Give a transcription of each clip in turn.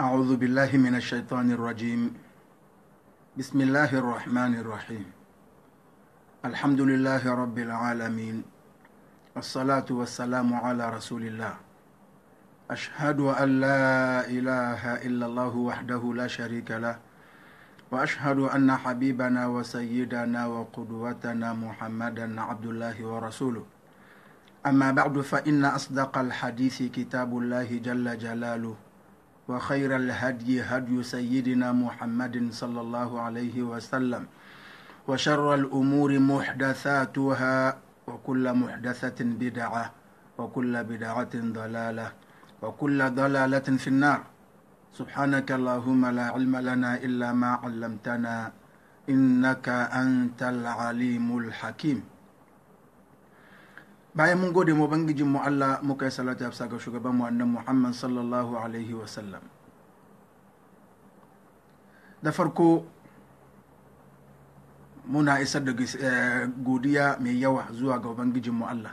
أعوذ بالله من الشيطان الرجيم بسم الله الرحمن الرحيم الحمد لله رب العالمين الصلاة والسلام على رسول الله أشهد أن لا إله إلا الله وحده لا شريك له وأشهد أن حبيبنا وسيدنا وقدوتنا محمدا عبد الله ورسوله أما بعد فإن أصدق الحديث كتاب الله جل جلاله وخير الهدي هدي سيدنا محمد صلى الله عليه وسلم وشر الأمور محدثاتها وكل محدثة بدعة وكل بدعة ضلالة وكل ضلالة في النار سبحانك اللهم لا علم لنا إلا ما علمتنا إنك أنت العليم الحكيم bayan mun gode mu bangijin mu Allah muka yi salatu ya ga shugaban mu annan Muhammad sallallahu alaihi wa sallam da farko muna isar da eh, godiya mai yawa zuwa ga ubangijin mu Allah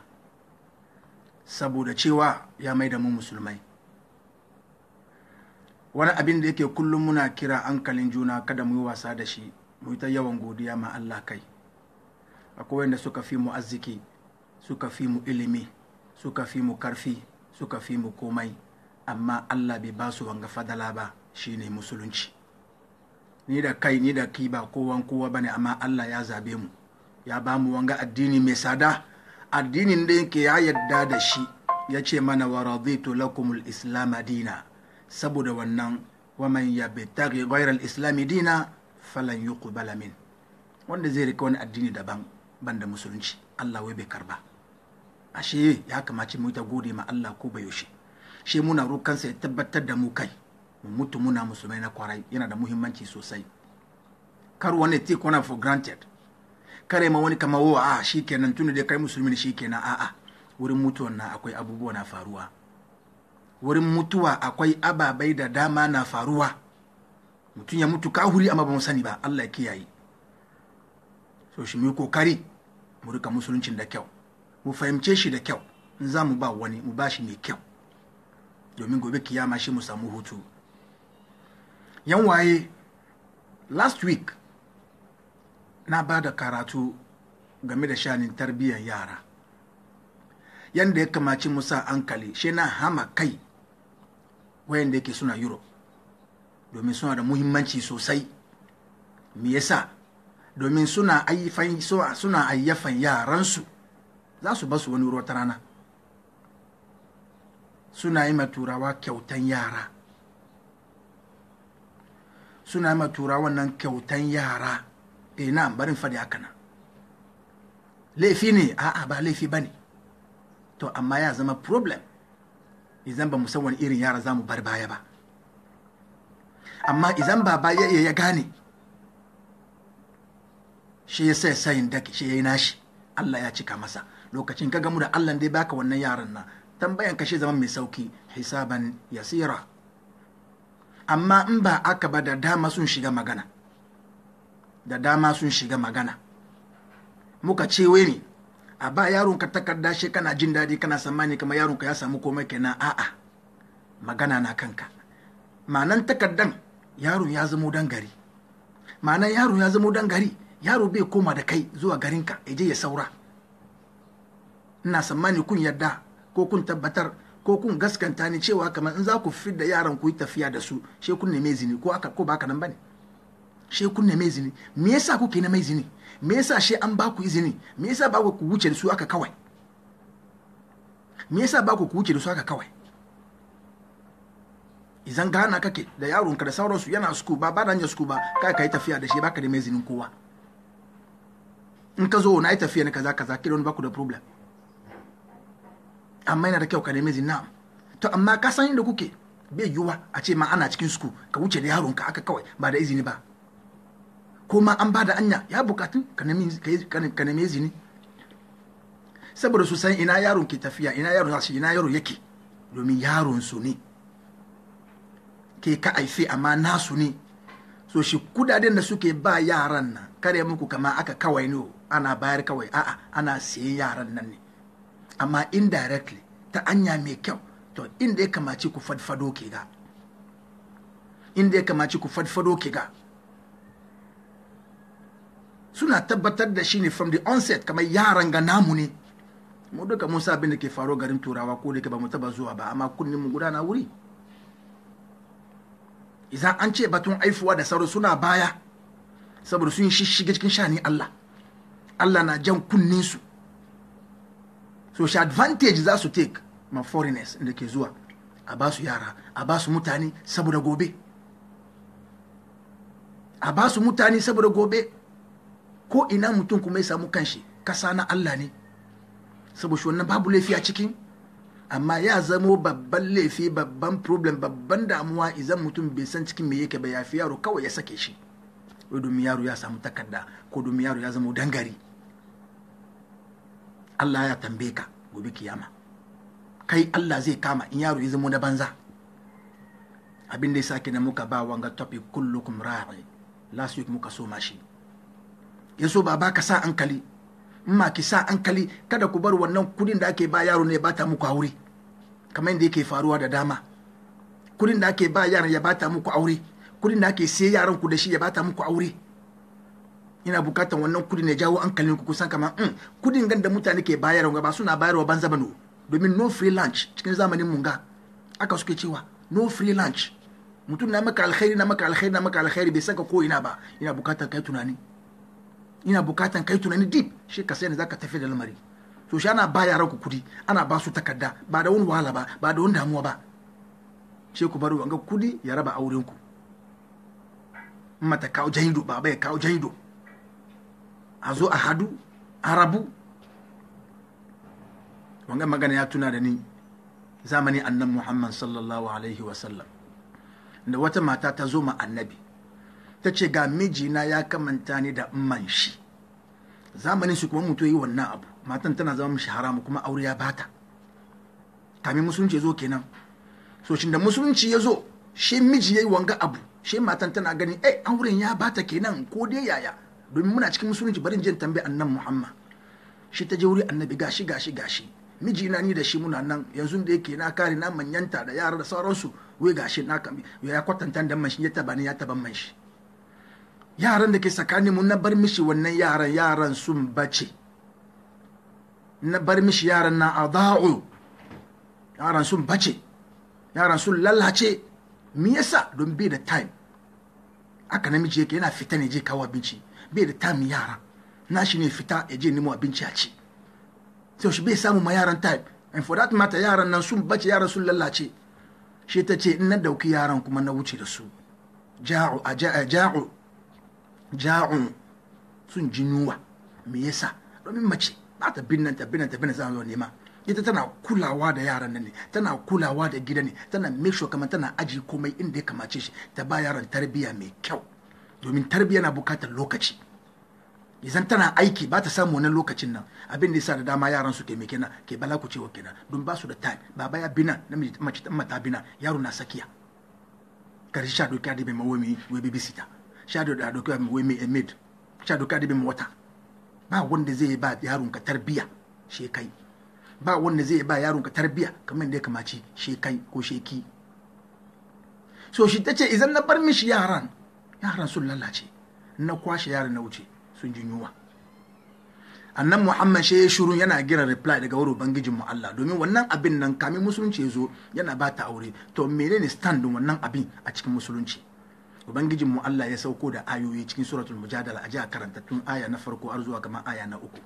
saboda cewa ya mai da mu musulmai wani abin da yake kullum muna kira hankalin juna kada mu yi wasa da shi mu yi ta yawan godiya ma Allah kai akwai wanda suka fi mu'azziki arziki suka fi mu ilimi suka fi mu karfi suka fi mu komai amma allah bai ba su wanga fadala ba shine musulunci ni da kai ni da ki ba kowan kowa bane amma allah ya zabe mu ya ba mu wanga addini mai sada addinin da yake ya yadda da shi ya ce mana wa raditu lakumul islam dina saboda wannan waman ya yabtaghi ghayra al-islam dina falan yuqbala min wanda zai rika wani addini daban banda musulunci Allah wai bai karba ashe ya kamace mu ta gode ma Allah ko ba yaushe shi muna rokansa ya tabbatar da mu kai mu mutu muna musulmai na kwarai yana da muhimmanci sosai kar wani take kona for granted kare ma wani kama wa oh, a ah, shikenan tunda da kai musulmi ne shikenan a'a wurin mutuwa na akwai abubuwa na faruwa wurin mutuwa akwai ababai da dama na faruwa mutum ya mutu kahuri amma ba mu sani ba Allah ya kiyaye so shi mu kokari mu rika musuluncin da kyau mu fahimce shi da kyau in za mu ba wani mu ba shi mai kyau domin gobe kiyama shi mu samu hutu yan waye last week na ba da karatu game da shanin tarbiyyar yara yadda ya kamaci musa ankali shi na hama kai wayanda yake suna europe domin suna da muhimmanci sosai me yasa domin suna ayyafan yaransu za su basu wani ruwa rana suna yi turawa kyautan yara suna yi turawa nan kyautan yara ina eh, na barin fadi haka na laifi ne a'a ba laifi ba ne to amma ya zama problem idan ba musamman irin yara za mu bar baya ba amma idan ba ya ya gane shi ya sai sayin daki shi ya yi nashi Allah ya cika masa lokacin ka gamu da Allah dai baka wannan yaran nan tambayan ka shi zama mai sauki hisaban yasira amma in ba aka ba da dama sun shiga magana da dama sun shiga magana muka ce wai ne a ba yaron ka takarda shi kana jin daɗi kana samani kamar ka ya samu komai kenan a'a magana na kanka ma'anan takardan yaron ya zamo dan gari ma'anan yaro ya zamo dan gari yaro bai koma da kai zuwa garinka ya je ya saura ina tsammani kun yarda ko kun tabbatar ko kun gaskanta ni cewa kamar in za ku da yaran ku yi tafiya da su she kun neme zini ko aka ko baka nan bane she kun neme zini me yasa kuke mai zini me yasa she an ba ku izini me yasa ba ku wuce da su aka kawai me yasa ba ku wuce da su aka kawai idan gana kake da yaron ka da sauransu yana suku ba ba da suku ba kai kai tafiya da shi baka da mai zinin kowa in ka zo na tafiya ne kaza kaza kidon ba ku da problem amma yana da kyau ka nemi zinna to amma ka san inda kuke bai yiwuwa a ce ma ana cikin suku ka wuce da yaronka aka kawai ba da izini ba ko ma an ba da anya ya bukatu ka nemi izini saboda su san ina yaron ke tafiya ina yaron zasu ina yaron yake domin yaron su ne ke ka aife amma nasu ne so shi kudaden da suke ba yaran nan kare muku kama aka kawai ne ana bayar kawai a'a ana siyan yaran nan ne amma indirectly ta anya mai kyau to inda ya kamaci ku fadfado ke ga inda ya kamaci ku fadfado ke ga suna tabbatar da shi ne from the onset kamar yaran ga namu ne mu duka mun sa da ke faro garin turawa ko da ke ba mu taba zuwa ba amma kunnin mu gudana wuri idan an ce batun aifuwa da sauro suna baya saboda sun shiga cikin shani Allah Allah na jan kunnin su so shi advantage za su take ma foreigners da ke zuwa a ba su yara a ba su mutane saboda gobe a ba su mutane saboda gobe ko ina mutum kuma ya samu kanshi kasa na Allah ne saboda shi wannan babu laifi a cikin amma ya zamo babban laifi babban problem babban damuwa idan mutum bai san cikin me yake ba ya fi yaro kawai ya sake shi domin yaro ya samu takarda ko domin yaro ya zama dangare Allah ya tambaye ka gobe kiyama kai Allah zai kama in yaro ya zama na banza abin da ya sake na muka ba wanga topic kullukum ra'i last week muka so mashi ya so ba ka sa ankali in ma ki sa ankali kada ku bar wannan kudin da ake ba yaro ne bata muku aure kamar yadda yake faruwa da dama kudin da ake ba yaran ya bata muku aure kudin da ake sai yaran ku da shi ya bata muku aure ina bukatan wannan kudi ne jawo hankalin ku kusan kamar in mm, kudin gan da mutane ke bayarwa ba suna bayarwa banza bano domin no free lunch cikin zamanin munga aka suke cewa no free lunch mutum na maka alkhairi na maka alkhairi na maka alkhairi bai saka ko ina ba ina bukatan kai tunani ina bukatan kai tunani deep shi ka sai ne zaka tafi da lamari to shi ana ba yara ku kudi ana ba su takarda ba da wani wahala ba ba da wani damuwa ba shi ku bari wanga kudi ya raba auren ku mata kawo jahido baba ya kawo jahido a zo a hadu a rabu wanga magana ya tuna da ni zamani annan muhammad sallallahu alaihi wasallam da wata mata ta zo ma annabi ta ce ga mijina ya kamanta ni da man shi zamanin su kuma mutu yi wannan abu matan tana zama mishi haramu kuma aure ya bata kamin musulunci ya zo kenan so shi da musulunci ya zo shi miji ya yi wanga abu shi matan tana gani eh auren ya bata kenan ko dai yaya domin muna cikin musulunci barin jin tambayi annan muhammad shi ta je wuri annabi gashi gashi gashi miji na ni da shi muna nan yanzu da yake na kare na manyanta da yara da sauransu wai gashi na kami ya kwatanta da man shi ya taba ni ya taba man shi yaran da ke tsakanin mu na bar mishi wannan yaran yaran sun bace na bar mishi yaran na adha'u yaran sun bace yaran sun lalace me yasa don bi da time aka namiji yake yana fita ne je kawo abinci bai da tamin yara shi ne fita ya je nemo abinci a ci sai shi bai samu ma yaran time and for that matter yaran nan sun bace yaran sun lallace shi ta ce in na dauki yaran kuma na wuce da su ja'u a ja'u ja'u sun jinuwa me yasa domin mace ba ta binnan ta binnan ta binnan zan nema ita tana kulawa da yaran nan ne tana kulawa da gida ne tana make sure kamar tana aji komai inda ya kamace shi ta ba yaran tarbiyya mai kyau domin tarbiyya na bukatar lokaci idan tana aiki ba ta samu wannan lokacin nan abin da yasa da dama yaran su taimake na ke bala ku cewa kenan don ba su da time baba ya bina namiji mace ta mata bina yaro na sakiya karshe sha doki adibe ma wemi we babysitter sha doki adibe ma wemi a maid sha doki adibe ma wata ba wanda zai ba yaron ka tarbiya she kai ba wanda zai ba yaron ka tarbiya kamar da ya kamaci she kai ko she ki so shi tace idan na bar mishi yaran yaran sun lalace na kwashe yaran na wuce sun ji yunwa annan muhammad shi ya shuru yana giran reply daga wurin ubangijin mu Allah domin wannan abin nan kamin musulunci ya zo yana ba ta aure to menene stand wannan abin a cikin musulunci ubangijin mu Allah ya sauko da ayoyi cikin suratul mujadala a ji a karantattun aya na farko har zuwa kamar aya na uku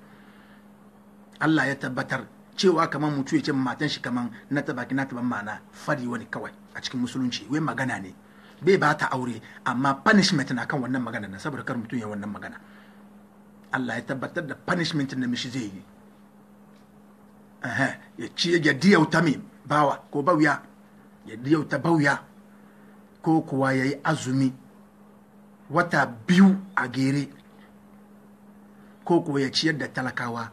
Allah ya tabbatar cewa kamar mutu ya ce matan shi kamar na tabaki na taban ma'ana fari wani kawai a cikin musulunci wai magana ne bai ba ta aure amma punishment na kan wannan magana na saboda kar mutum ya wannan magana Allah ya tabbatar da punishment na mishi zai yi ya ci ya diyauta mai bawa ko bauya ya diyauta bauya ko kuwa ya yi azumi wata biyu a gere ko kuwa ya ciyar da talakawa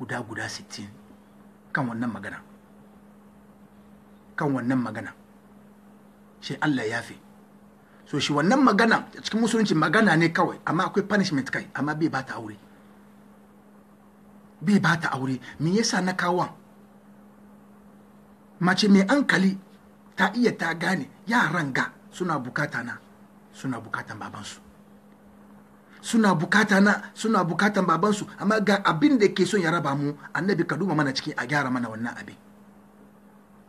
guda guda sittin kan wannan magana kan wannan magana shi Allah ya fi so shi wannan magana cikin musulunci magana ne kawai amma akwai punishment kai amma bai bata aure bai bata aure me yasa na kawo mace mai ankali ta iya ta gane yaran ga suna bukata na suna bukatan babansu suna bukata na suna bukatan babansu amma ga abin da ke son ya raba mu annabi ka duba mana ciki a gyara mana wannan abin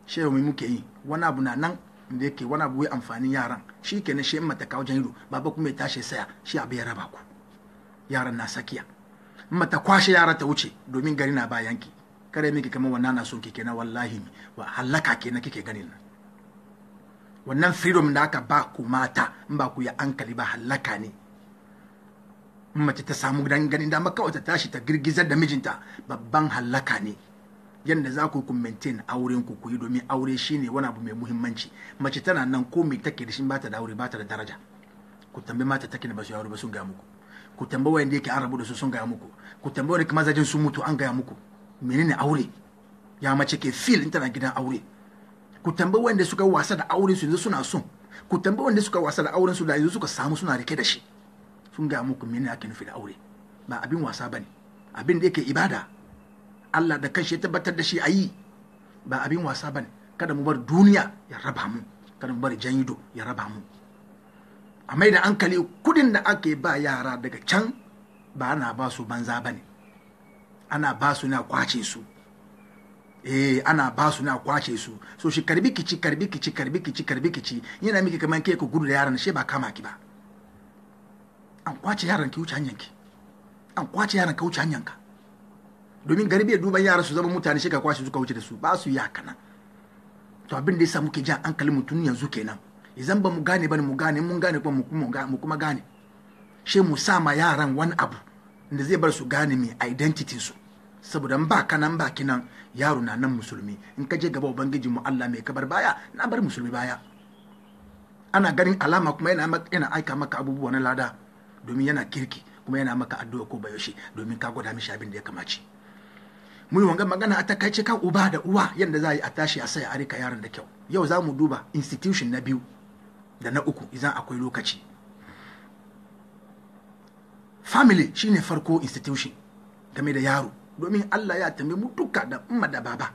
shehu muke yi wani abu na nan da yake wani abu ya amfani yaran shi kenan shi mata kawo janiro ido baba kuma ya tashi saya shi abu ya raba ku yaran na sakiya mata kwashe yara ta wuce domin gari na bayan ki kare miki kamar wannan na son ki kenan wallahi ne wa halaka kenan kike ganin nan wannan freedom da aka ba ku mata in ba ku ya ankali ba halaka ne mace ta samu ganin dama kawai ta tashi ta girgizar da mijinta babban halaka ne yadda za ku ku maintain auren ku yi domin aure shine wani abu mai muhimmanci mace tana nan ko mai take da shi ba ta da aure ba ta da daraja ku tambayi mata take da basu yaro ba sun ga muku ku tambayi wanda yake an rabu da su sun ga muku ku tambayi wanda kuma zajin sun mutu an ga muku menene aure ya mace ke feel tana gidan aure ku tambayi wanda suka wasa da aure su yanzu suna son ku tambayi wanda suka wasa da auren su da yanzu suka samu suna rike da shi sun ga muku menene ake nufi da aure ba abin wasa bane abin da yake ibada Allah da kanshi ya tabbatar da shi a yi ba abin wasa ba ne kada mu bar duniya ya raba mu kada mu bar janyido ya raba mu a mai da hankali kudin da aka yi ba yara daga can ba ana ba su banza ba ne ana ba su na kwace su eh ana ba su na kwace su so shi karbi kici karbi kici karbi kici karbi kici yana miki kamar ke ku gudu da yaran shi ba kama ki ba an kwace yaran ki wuce hanyanki an kwace yaran ka wuce hanyanka domin garbi bai duban yara su zama mutane shi ka kwashe suka wuce da su ba su yi haka nan to abin da yasa muke jan hankalin mutum yanzu kenan idan ba mu gane ba mu gane mun gane kuma mu kuma gane she mu sa ma yaran wani abu da zai bar su gane mai identity su saboda ba ba nan ba kinan yaro na nan musulmi in ka je gaba ubangiji mu Allah mai kabar baya na bar musulmi baya ana ganin alama kuma yana yana aika maka abubuwa na lada domin yana kirki kuma yana maka addu'a ko bayoshi domin ka gwada mishi abin da ya kamace mu yi wanga magana a takaice kan uba da uwa yadda za a yi a tashi a sai a rika yaron da kyau yau za mu duba institution na biyu da na uku idan akwai lokaci family shine farko institution game da yaro domin Allah ya tambi mu duka da umma da baba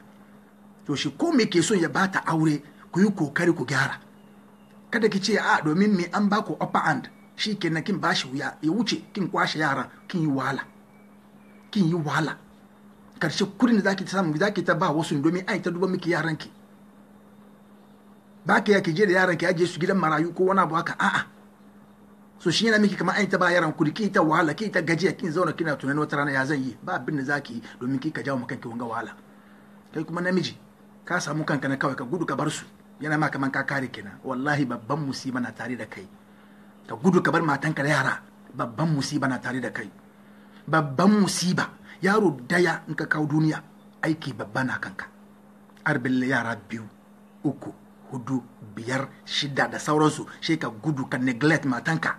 to shi ko me ke son ya bata aure ku yi kokari ku gyara kada ki ce a domin me an ba ku upper hand shi kenan kin bashi wuya ya wuce kin kwashe yaran kin yi wala kin yi wahala karshe kudin da zaki ta samu zaki ta ba wasu domin ai ta duba miki yaran ki ba ki ya ki je da yaran ki aje su gidan marayu ko wani abu haka a'a so shi yana miki kamar ai ta ba yaran kudi ki ta wahala ki ta gajiya kin zauna kina tunanin wata rana ya zan yi ba abin da zaki yi domin ki ka jawo maka kanki wanga wahala kai kuma namiji ka samu kanka na kawai ka gudu ka bar su yana ma kaman ka kare kina wallahi babban musiba na tare da kai ka gudu ka bar matanka da yara babban musiba na tare da kai babban musiba yaro daya in ka kawo duniya aiki babba na kanka arbin yara biyu uku hudu biyar shida da sauransu shi ka gudu ka neglect matanka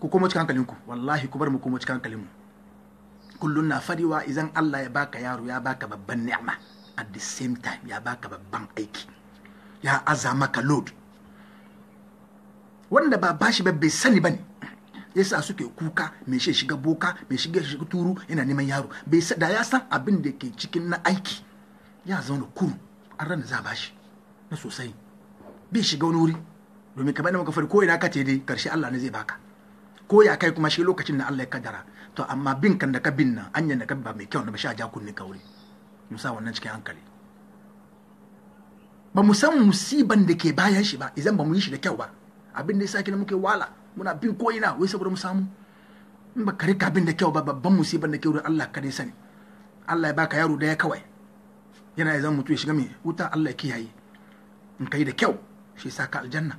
ku kuma cikin hankalinku wallahi ku bar mu komo cikin hankalinmu kullum na fadiwa idan Allah ya baka yaro ya baka babban ni'ima at the same time ya baka babban aiki ya aza maka load wanda ba bashi ba bai sani bane ya sa suke kuka mai shi shiga boka mai shiga shiga turu yana neman yaro bai da ya san abin da ke cikin na aiki ya zauna kuru an rana za shi na sosai bai shiga wani wuri domin kamar da muka fari ko ina ka dai karshe Allah ne zai baka ko ya kai kuma shi lokacin da Allah ya kaddara to amma bin kan da ka bin nan anyan da ka ba mai kyau na ba sha ja kunne ka wuri musa wannan cikin hankali ba mu san musiban da ke bayan shi ba idan ba mu yi shi da kyau ba abin da ya sake muke wala muna bin ko ina wai saboda mu samu in ba kare kabin da kyau ba babban musibar da kyau da Allah kare sani Allah ya baka yaro da kawai yana ya zan mutu ya shiga mai wuta Allah ya kiyaye in kai da kyau shi sa ka aljanna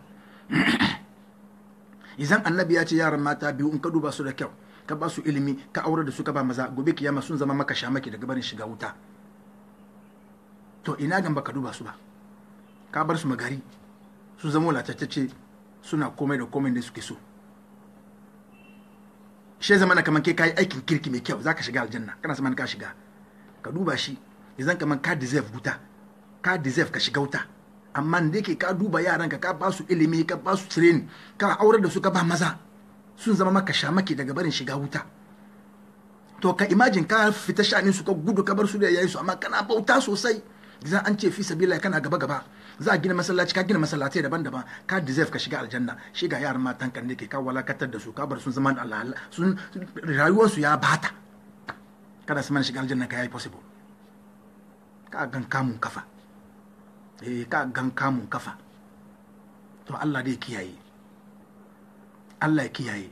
idan annabi ya ce yaran mata biyu in ka duba su da kyau ka ba su ilimi ka aure da su ka ba maza gobe kiyama sun zama maka shamaki daga barin shiga wuta to ina gan baka duba su ba ka bar su magari su zama lalatacce suna komai da komai da suke so shi zama na kamar ke kayi aikin kirki mai kyau za ka shiga aljanna kana zaman ka shiga ka duba shi ya zan kamar ka deserve wuta ka deserve ka shiga wuta amma da yake ka duba yaran ka ba su ilimi ka ba su training ka aurar da su ka ba maza sun zama maka shamaki daga barin shiga wuta to ka imagine ka fita sha'anin su ka gudu ka bar su da yayi su amma kana bauta sosai za an ce fi sabila kana gaba gaba za a gina masallaci ka gina masallaci daban-daban ka deserve ka shiga aljanna shi ga yaran matan kan ne ke ka walakatar da su ka bar sun zaman Allah sun su ya bata kada su mana shiga aljanna ka yi possible ka gan kamun kafa eh ka gan kamun kafa to Allah dai kiyaye Allah ya kiyaye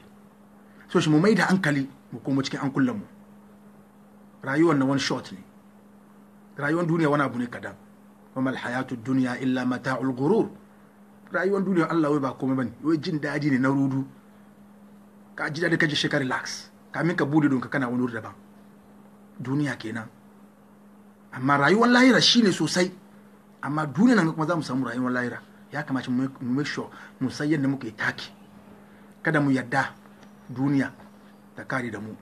so shi mu mai da hankali mu komo cikin an kullum mu rayuwar na one shot ne rayuwar duniya wani abu ne kadan kuma alhayatu duniya illa mata ghurur rayuwar duniya Allah wai ba komai bane wai jin daji ne na rudu ka ji daɗi ka ji shi ka relax kamin ka bude kana wani wuri daban duniya kenan amma rayuwar lahira shine sosai amma duniya nan kuma za mu samu rayuwar lahira ya kamata mu make sure mu san yadda muka yi kada mu yadda duniya ta kare da mu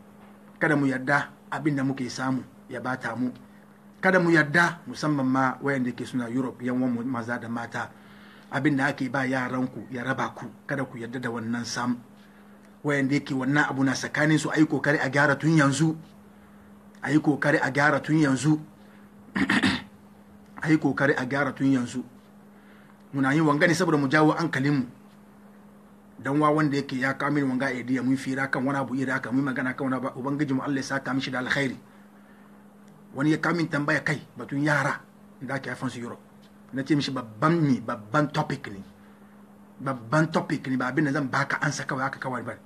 kada mu yadda abin da muke samu ya bata mu kada mu yarda musamman ma wayanda ke suna europe yan maza da mata abin da ake ba yaranku ya raba ku kada ku yarda da wannan sam wayanda yake wannan abu na tsakanin su yi kokari a gyara tun yanzu a yi kokari a gyara tun yanzu a yi kokari a gyara tun yanzu muna yin wanga ne saboda mu jawo hankalinmu dan wa wanda yake ya kawo mini wanga a mun fira kan wani abu iri haka mun magana kan wani abu ubangiji mu Allah ya saka mishi da alkhairi wani ya kamin tambaya kai batun yara da ake haifan su europe na ce mishi babban ne babban topic ne babban topic ne ba abinda da zan baka ansa kawai aka kawai ba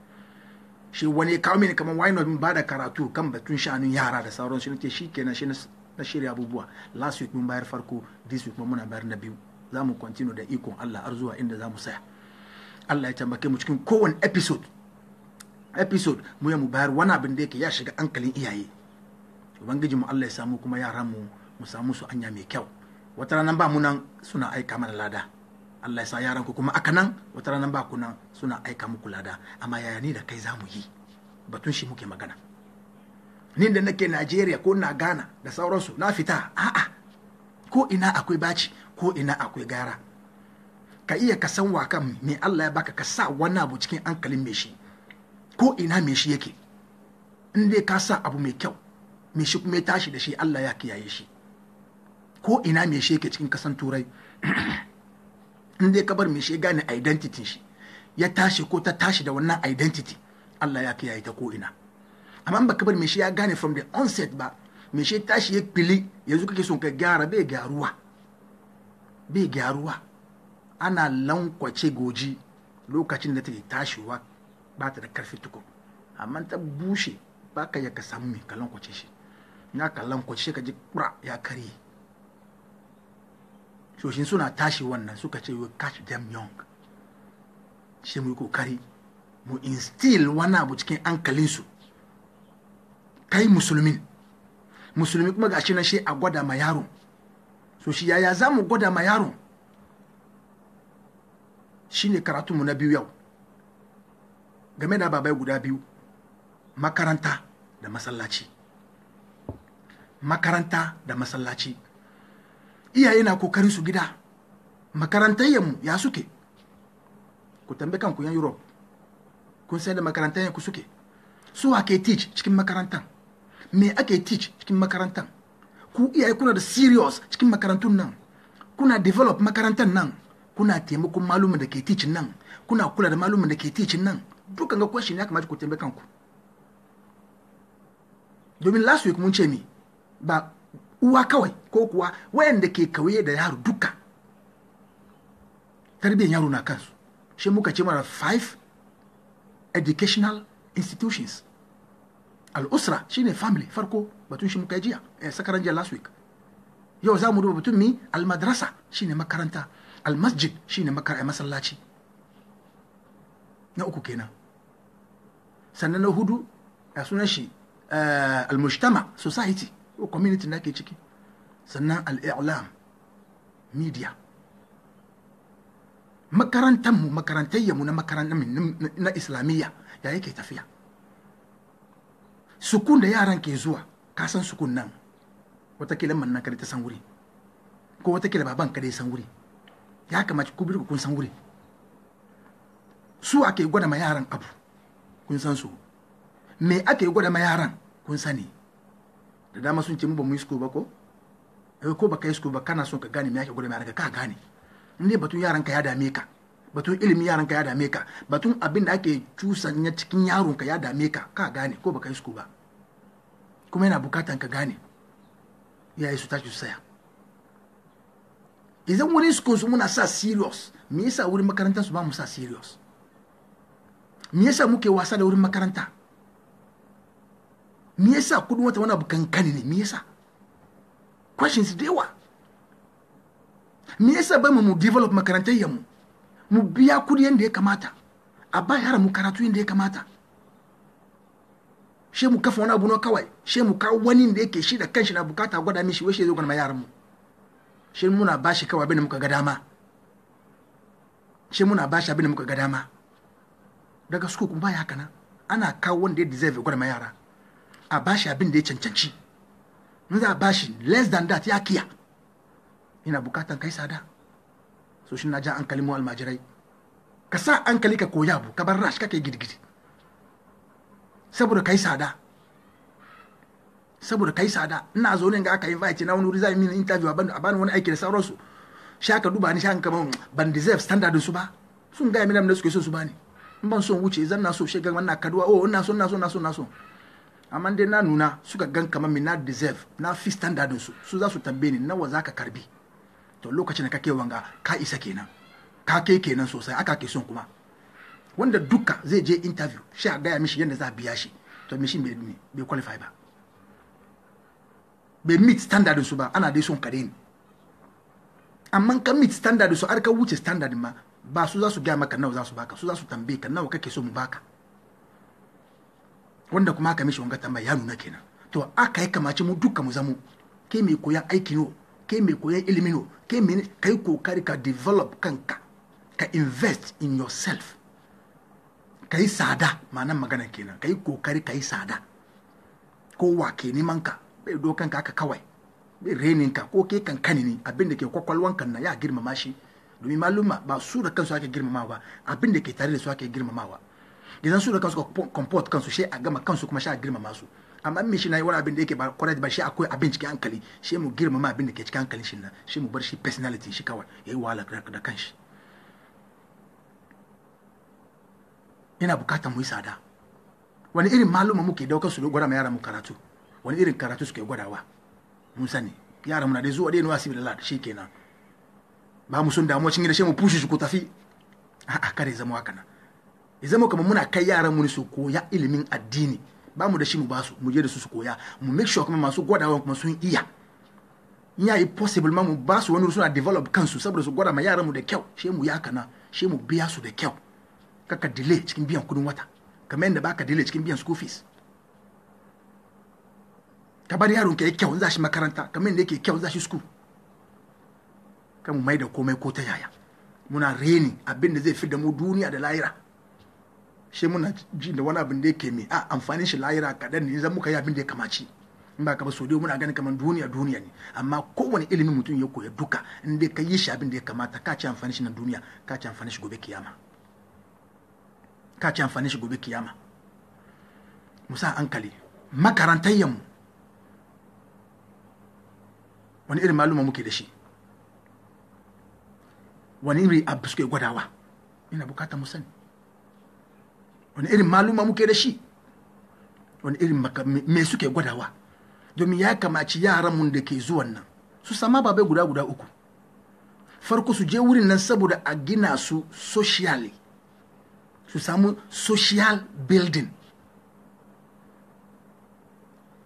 shi wani ya kawo mini kamar why not ba da karatu kan batun sha'anin yara da sauransu nake shi kenan shi na shirya abubuwa last week mun bayar farko this week muna bayar na biyu za mu continue da ikon Allah har zuwa inda za mu saya Allah ya tambake mu cikin kowane episode episode mu ya mu bayar wani abin da yake ya shiga hankalin iyaye ubangiji mu Allah ya samu kuma yaran mu mu samu su anya mai kyau wata ranar ba mu suna aika mana lada Allah ya sa yaran ku kuma aka nan wata ranar ba ku nan suna aika muku lada amma yaya ni da kai za mu yi batun shi muke magana ni da nake Najeriya ko na Ghana da sauransu na fita a'a ko ina akwai baci ko ina akwai gara ka iya ka san wa kan me Allah ya baka ka sa wani abu cikin hankalin me shi ko ina me shi yake in dai ka sa abu mai kyau me shi kuma ya tashi da shi Allah ya kiyaye shi ko ina me shi yake cikin kasan turai in dai kabar me shi gane identity shi ya tashi ko ta tashi da wannan identity Allah ya kiyaye ta ko ina amma ba baka bar me shi ya gane from the onset ba me shi tashi ya pili yanzu kake son ka gyara bai gyaruwa bai gyaruwa ana lankwace goji lokacin da take tashiwa ba ta da karfi tukun amma ta bushe baka ya ka samu mai ka lankwace shi ya kallon kwace shi ka ji kura ya kare shoshin suna tashi wannan suka ce we catch them young shi mu yi kokari mu instill wani abu cikin hankalinsu kai musulmin musulmi kuma gashi na shi a gwada ma yaro so shi yaya za mu gwada ma yaro shi ne mu na biyu yau game da babai guda biyu makaranta da masallaci makaranta da masallaci iyaye na kokarin su gida makarantayyanmu ya suke ku tambi kanku yan europe kun sai da makarantayyan ku suke su ake teach cikin makarantan me ake teach cikin makarantan ku iyaye kuna da serious cikin makarantun nan kuna develop makarantan nan kuna taimakon malumin da ke teach nan kuna kula da malumin da ke teach nan dukkan ga question ya kamata ku tambaye kanku domin last week mun ce mi ba uwa kawai ko kuwa wayanda ke kauye da yaro duka tarbiyyar yaro na kansu shi muka ce mara five educational institutions al'usra shine family farko batun shi muka jiya eh, sakaran jiya last week yau za mu duba batun mi almadrasa shine makaranta almasjid shine makaranta eh, masallaci na uku kenan sannan na hudu a sunan shi eh, almujtama society community na ke ciki sannan al'i'lam media makarantar makarantayyamu na makarantar na islamiyya ya yake tafiya sukun da yaran ke zuwa ka san sukun nan watakila man nan ta san wuri ko watakila baban ka dai san wuri ya kamata ku birku kun san wuri su ake gwada ma yaran abu kun san su me ake gwada ma yaran kun sani da dama sun ce mu ba mu yi ba ko eh, ko ba kai ba kana son ka gane me yake gudu mai ka gane in dai batun yaran ka ya dame ka batun ilimin yaran ka ya dame ka batun abin da ake cusanya cikin yaron ka ya dame ka ka gane ko ba kai school ba kuma yana bukatan ka gane yi su tashi su saya idan wurin school su muna sa serious me yasa wurin makarantar su ba mu sa serious me yasa muke wasa da wurin makaranta me yasa kudin wata wani abu kankani ne me yasa questions da yawa me yasa ba mu develop makarantar yamu mu biya kudi yanda ya kamata a ba yara mu karatu yanda ya kamata she mu kafa wani abu na kawai she mu kawo wani da yake shi da kanshi na bukata gwada mishi wai shi zai gwada yaran mu she muna ba shi kawai abin muka ga dama she muna ba shi abin muka ga dama daga suku kuma ba ya kana ana kawo wanda ya deserve gwada yara a bashi abin da ya cancanci in za a bashi less than that ya kiya ina bukatan kai sada so shi na ja an kalimu almajirai ka sa an kali ka koya abu ka bar rash kake gidigidi saboda kai sada saboda kai sada ina zo ne ga aka invite na wani wuri zai mini interview a bani wani aiki da sauransu shi aka duba ni shi ka ban ban deserve standard su ba sun ga mi da suke so su bani in ban son wuce zan na so shegan wannan kaduwa oh ina so ina so ina so ina so amma dai na nuna suka gan kamar na deserve na fi standardin su su za su tambaye ni nawa za ka karbi to lokacin da kake wanga ka isa kenan ka ke kenan sosai aka ke son kuma wanda duka zai je interview shi a gaya mishi yadda za a biya shi to mishi bai qualify ba bai meet standardin su ba ana dai son kare ni amma ka meet standardin su har ka wuce standardin ma ba su za su gaya maka nawa za su baka su za su tambaye ka nawa kake so mu baka wanda kuma aka mishi wanga tambaya ya nuna kenan to aka yi kamace mu duka mu zamu ke mai koyan aiki no ke mai koyan ilimi no ke mai kai kokari ka develop kanka ka invest in yourself ka yi sada ma'anan magana kenan ka yi kokari ka yi sada wa ke neman ka bai dokan ka aka kawai bai renin ka ko ke kankani ne abin da ke kwakwalwan kan na ya girmama shi domin maluma ba su da kansu ake girmamawa abin da ke tare da su ake girmamawa idan su da kansu comport kansu shi a gama kansu kuma sha girma su amma me shi nayi wani abin da yake ba kwarai ba shi akwai abin cikin hankali shi mu ma abin da ke cikin hankali shi nan shi mu bar shi personality shi kawai yayi wala da kanshi yana bukatar mu yi sada wani irin maluma muke daukar su gwada ma yara mu karatu wani irin karatu suke gwadawa mun sani yara muna dai zuwa dai nuwa sibi da shi kenan ba mu sun damuwa cikin da shi mu pushe su ku tafi a kare zama haka nan ya zama kamar muna kai yaran mu su koya ilimin addini ba mu da shi mu ba su mu je da su su koya mu make sure kuma masu gwadawa kuma sun iya in yayi possible ma mu ba su wani suna develop kansu saboda su gwada ma yaran mu da kyau she mu ya na she mu biya su da kyau kaka delay cikin biyan kudin wata kamar yadda baka delay cikin biyan school fees ka bar yaron ka yi kyau za shi makaranta kamar yadda yake kyau za shi school kan mai da komai ko ta yaya muna reni abin da zai fi da mu duniya da lahira shi muna ji da wani abin da yake mai a ah, amfanin shi layira kaɗan ne zan muka yi abin da ya kamaci in ba ka ba sodiyo muna ganin kamar duniya duniya ne amma kowane ilimin mutum ya koya duka in dai ka yi shi abin da ya kamata ka ci amfanin shi na duniya ka ci amfanin shi gobe kiyama ka ci amfanin shi gobe kiyama musa hankali makarantayyanmu wani irin maluma muke da shi wani iri abu suke gwadawa ina bukatar musani wani irin maluma muke da shi wani irin mai suke gwadawa domin ya kamaci yaran mun da ke zuwan nan su sama babai guda guda uku farko su je wurin nan saboda a gina su social su samu social building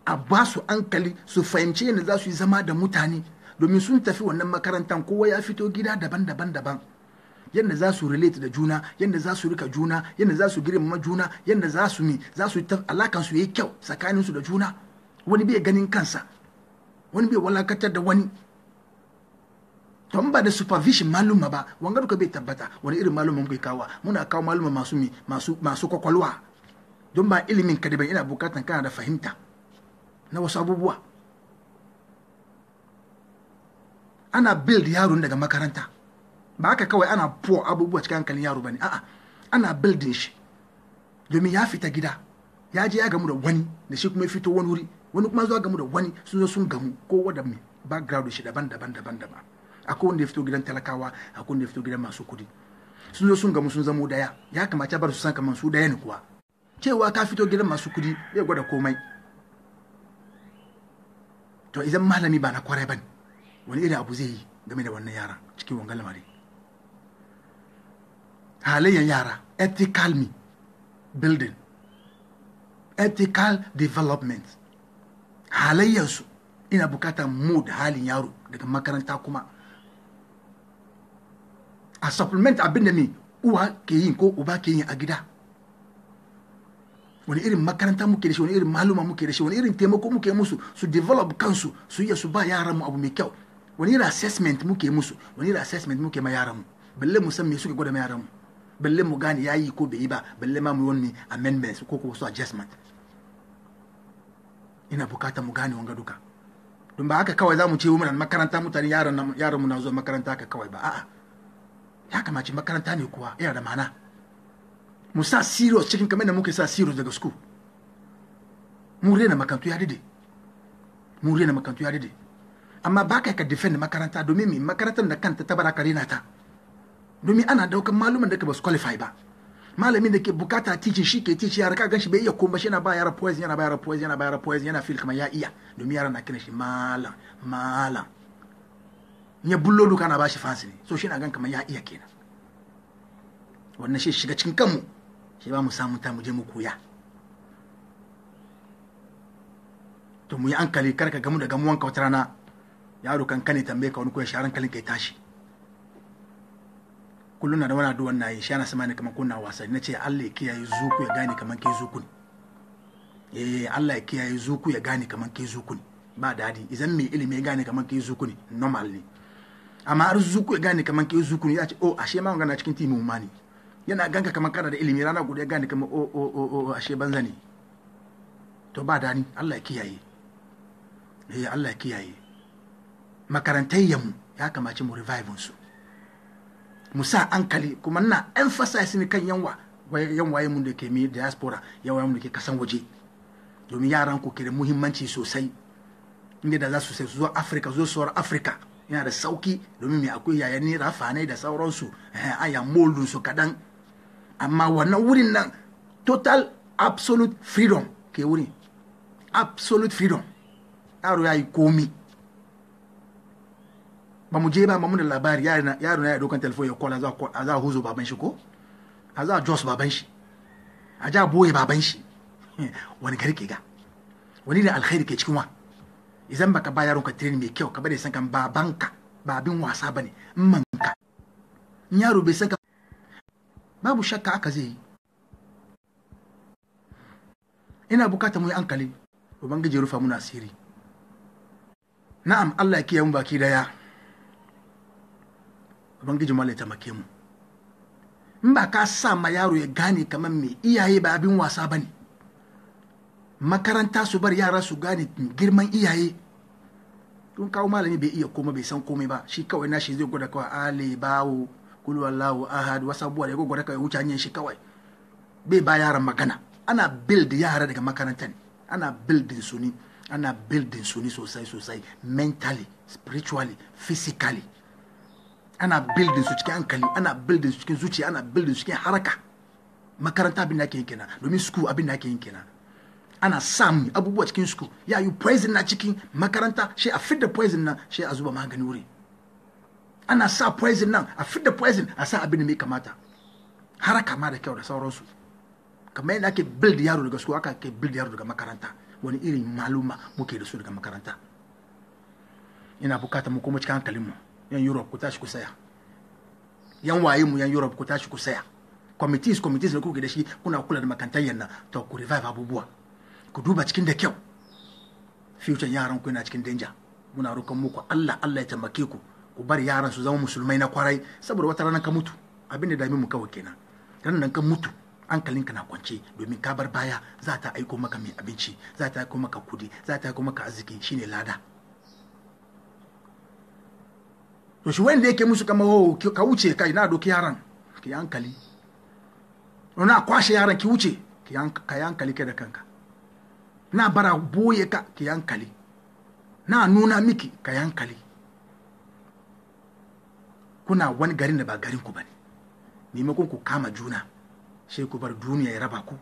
a ba su ankali su fahimci yadda za su yi zama da mutane domin sun tafi wannan makarantar kowa ya fito gida daban-daban daban yadda za su relate da juna yadda za su rika juna yadda za su girmama juna yadda za su mi za su alakan su yi kyau tsakanin su da juna wani bai ganin kansa wani bai walakatar da wani don ba da supervision maluma ba wanga duka bai tabbata wani irin maluma muke kawo muna kawo maluma masu mi masu kwakwalwa don ba ilimin ka ina bukatan kana da fahimta na wasu abubuwa ana build yaron daga makaranta ba haka kawai ana pour abubuwa cikin hankalin yaro ne a'a ana building shi domin ya fita gida ya je ya gamu da wani da shi kuma ya fito wani wuri wani kuma zuwa gamu da wani sun zo sun gamu ko wanda mai background shi daban daban daban daban akwai wanda ya fito gidan talakawa akwai wanda ya fito gidan masu kudi sun zo sun gamu sun zamo daya ya kamata bar su san kamar su daya ne kuwa cewa ka fito gidan masu kudi ya gwada komai to idan malami ba na kwarai ban wani iri abu zai yi game da wannan yaran cikin wangan lamari halayyar yara ethical me building ethical development halayyarsu ina bukatar mood halin yaro daga makaranta kuma a supplement a da mai uwa ke yin ko uba ke yin a gida wani irin makaranta muke da shi wani irin maluma muke da shi wani irin taimako muke musu su develop kansu su iya su ba yaranmu abu mai kyau wani irin assessment muke musu wani irin assessment muke ma yaranmu balle mu san me suke gwada ma yaranmu belle mo gani ya yi ko bai yi ba balle ma mu yi amendments ko ko so adjustment ina bukata mu gani wanga duka don ba haka kawai zamu ce mun makaranta mutane yaran mu na zuwa makaranta haka kawai ba a'a ya kamace makaranta ne kuwa yana da mana mu sa serious cikin kamar da muke sa serious daga school mu rena makarantu ya dide mu rena makarantu ya dide amma ba ka defend makaranta domin mai makarantar da kanta ta baraka rena ta domin ana daukan malumin da ka basu qualify ba malamin da ke bukata tici shi ke tici yara ka ganshi bai iya kuma shi yana ba yara poison yana ba yara poison yana ba yara poison yana feel kamar ya iya domin yara na kina shi malam malam ya bullo duka na bashi fansi ne so shi na gan kamar ya iya kenan wannan shi shiga cikin kanmu shi ba mu samu ta mu je mu koya to mu yi ankali kar ka gamu da gamuwan ka wata rana yaro kan kane tambaye ka wani koyar shi harankalin kai tashi kullum na da wani addu'an na yi shi ana samani kamar kuna wasa na ce Allah ya kiyaye zuku ya gane kamar ke zukun eh Allah ya kiyaye zuku ya gane kamar ke zukun ba dadi idan mai ilimi ya gane kamar ke ne normal ne amma har zuku ya gane kamar ke ne ya ce oh ashe ma na cikin timin umani yana ganka kamar kana da ilimi rana guda ya gane kamar oh, oh oh oh ashe banza ne to ba dani Allah ya kiyaye eh Allah ya kiyaye makarantai yamu ya kamace mu revive su musa hankali kuma na emphasize ni kan yanwa yan mun da ke mi diaspora yan mun da ke kasan waje domin yaran ku ke da muhimmanci sosai inda da za su sai zuwa zo zuwa sauran afirka yana da sauki domin mai akwai yayan ni rafanai da sauransu eh, aya moldun su kadan amma wannan wurin nan total absolute freedom ke wurin absolute freedom yaro ya yi komi ba mu je ba mamu da labari yaro na ya dokan telefon ya kola a za a huzo baban shi ko a za a jos baban shi a ja boye baban shi wani gari ke ga wani da alkhairi ke cikin wa idan baka ba yaron ka training mai kyau ka bari san kan babanka ba abin wasa bane in manka in yaro bai san ka babu shakka aka zai yi ina bukata mu yi hankali ubangiji rufa muna asiri na'am Allah ya kiyaye mu baki daya ubangiji mala ya taimake mu in ba ka sa ma yaro ya gane kamar me iyaye ba abin wasa ba ne makaranta su bar yara su gane girman iyaye tun kawo malami bai iya koma bai san komai ba shi kawai shi zai gwada kawai ali bawo kulu wallahu ahad wasa buwa da gwada kawai wuce hanyar shi kawai bai ba yaran magana ana build yara daga makarantar ana building su ne ana building su ne sosai sosai mentally spiritually physically ana building su cikin hankali ana building su cikin zuciya ana building su cikin haraka makaranta abin da ke yin kenan domin school abin da ke yin kenan ana sam abubuwa cikin school ya yi poison na cikin makaranta shi a da poison na shi a zuba magani wuri ana sa poison nan a da poison a sa abin da mai kamata haraka ma da kyau da sauransu kamar yadda ake build yaro daga school aka ke build yaro daga makaranta wani irin maluma muke da su daga makaranta ina bukata mu kuma cikin hankalinmu yan europe ku tashi ku saya yan waye mu yan europe ku tashi ku saya committees committees da kuke da shi kuna kula da makantayyar nan to ku revive abubuwa ku duba cikin da kyau future yaran ku yana cikin danger muna roƙon muku Allah Allah ya taimake ku ku bar yaran su zama musulmai na kwarai saboda wata ranar ka mutu abin da dami mu kawai kenan ranar nan ka mutu hankalinka na kwance domin ka bar baya za ta aiko maka mai abinci za ta aiko maka kudi za ta aiko maka arziki shine lada shi wanda yake musu kamar oh, ka wuce kai na doki yaran ki hankali na kwashe yaran ki wuce ka hankali da kanka na bara boye ka ki hankali na nuna miki ka hankali kuna wani garin da ba garin ku bane kun ku kama juna sai ku bar duniya ya raba ku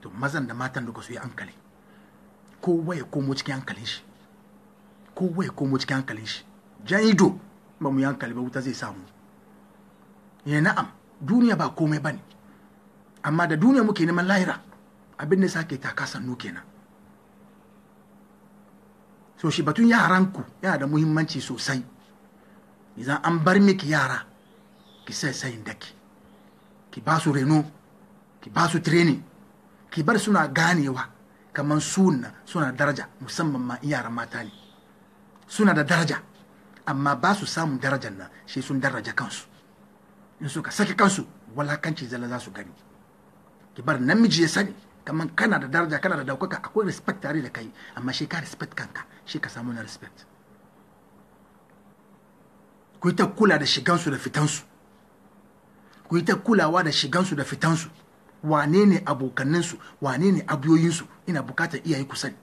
to mazan da matan da su yi hankali kowa ya komo cikin hankalin shi kowa ya komo cikin hankalin shi jan ido ba mu yankali ba wuta zai samu ya eh, na'am duniya ba komai ba ne amma da duniya muke neman lahira abin da sake taka sannu kenan so shi batun yaranku yana da muhimmanci sosai idan an bar miki yara ki sai sayin daki ki ba su reno ki ba su training ki bar suna ganewa kamar suna suna daraja musamman ma yaran mata ne suna da daraja amma ba su samun darajar nan shi sun daraja kansu in suka saki kansu walakanci zala za su gani ki bar namiji ya sani kamar kana da daraja kana da daukaka akwai respect tare da kai amma shi ka respect kanka shi ka samu na respect ku yi ta kula da shigansu da fitansu ku yi ta kulawa da shigansu da fitansu wane ne abokanninsu wane ne abiyoyinsu ina bukatar iyaye ku sani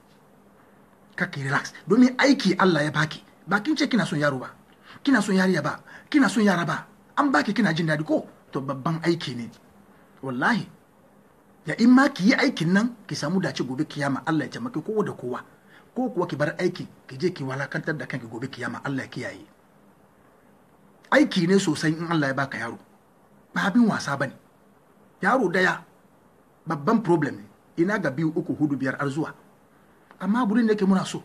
kaka relax domin aiki Allah ya baki ba kin ce kina son yaro ba kina son yariya ba kina son yara ba an baki kina jin daɗi ko to babban aiki ne wallahi ya in ma ki yi aikin nan ki samu dace gobe kiyama Allah ya taimake kowa da kowa ko kuwa ki bar aiki ki je ki walakantar da kanki gobe kiyama Allah ya kiyaye aiki ne sosai in Allah ya baka yaro ba abin wasa bane yaro daya babban problem ne ina ga biyu uku hudu biyar arzuwa amma burin da yake muna so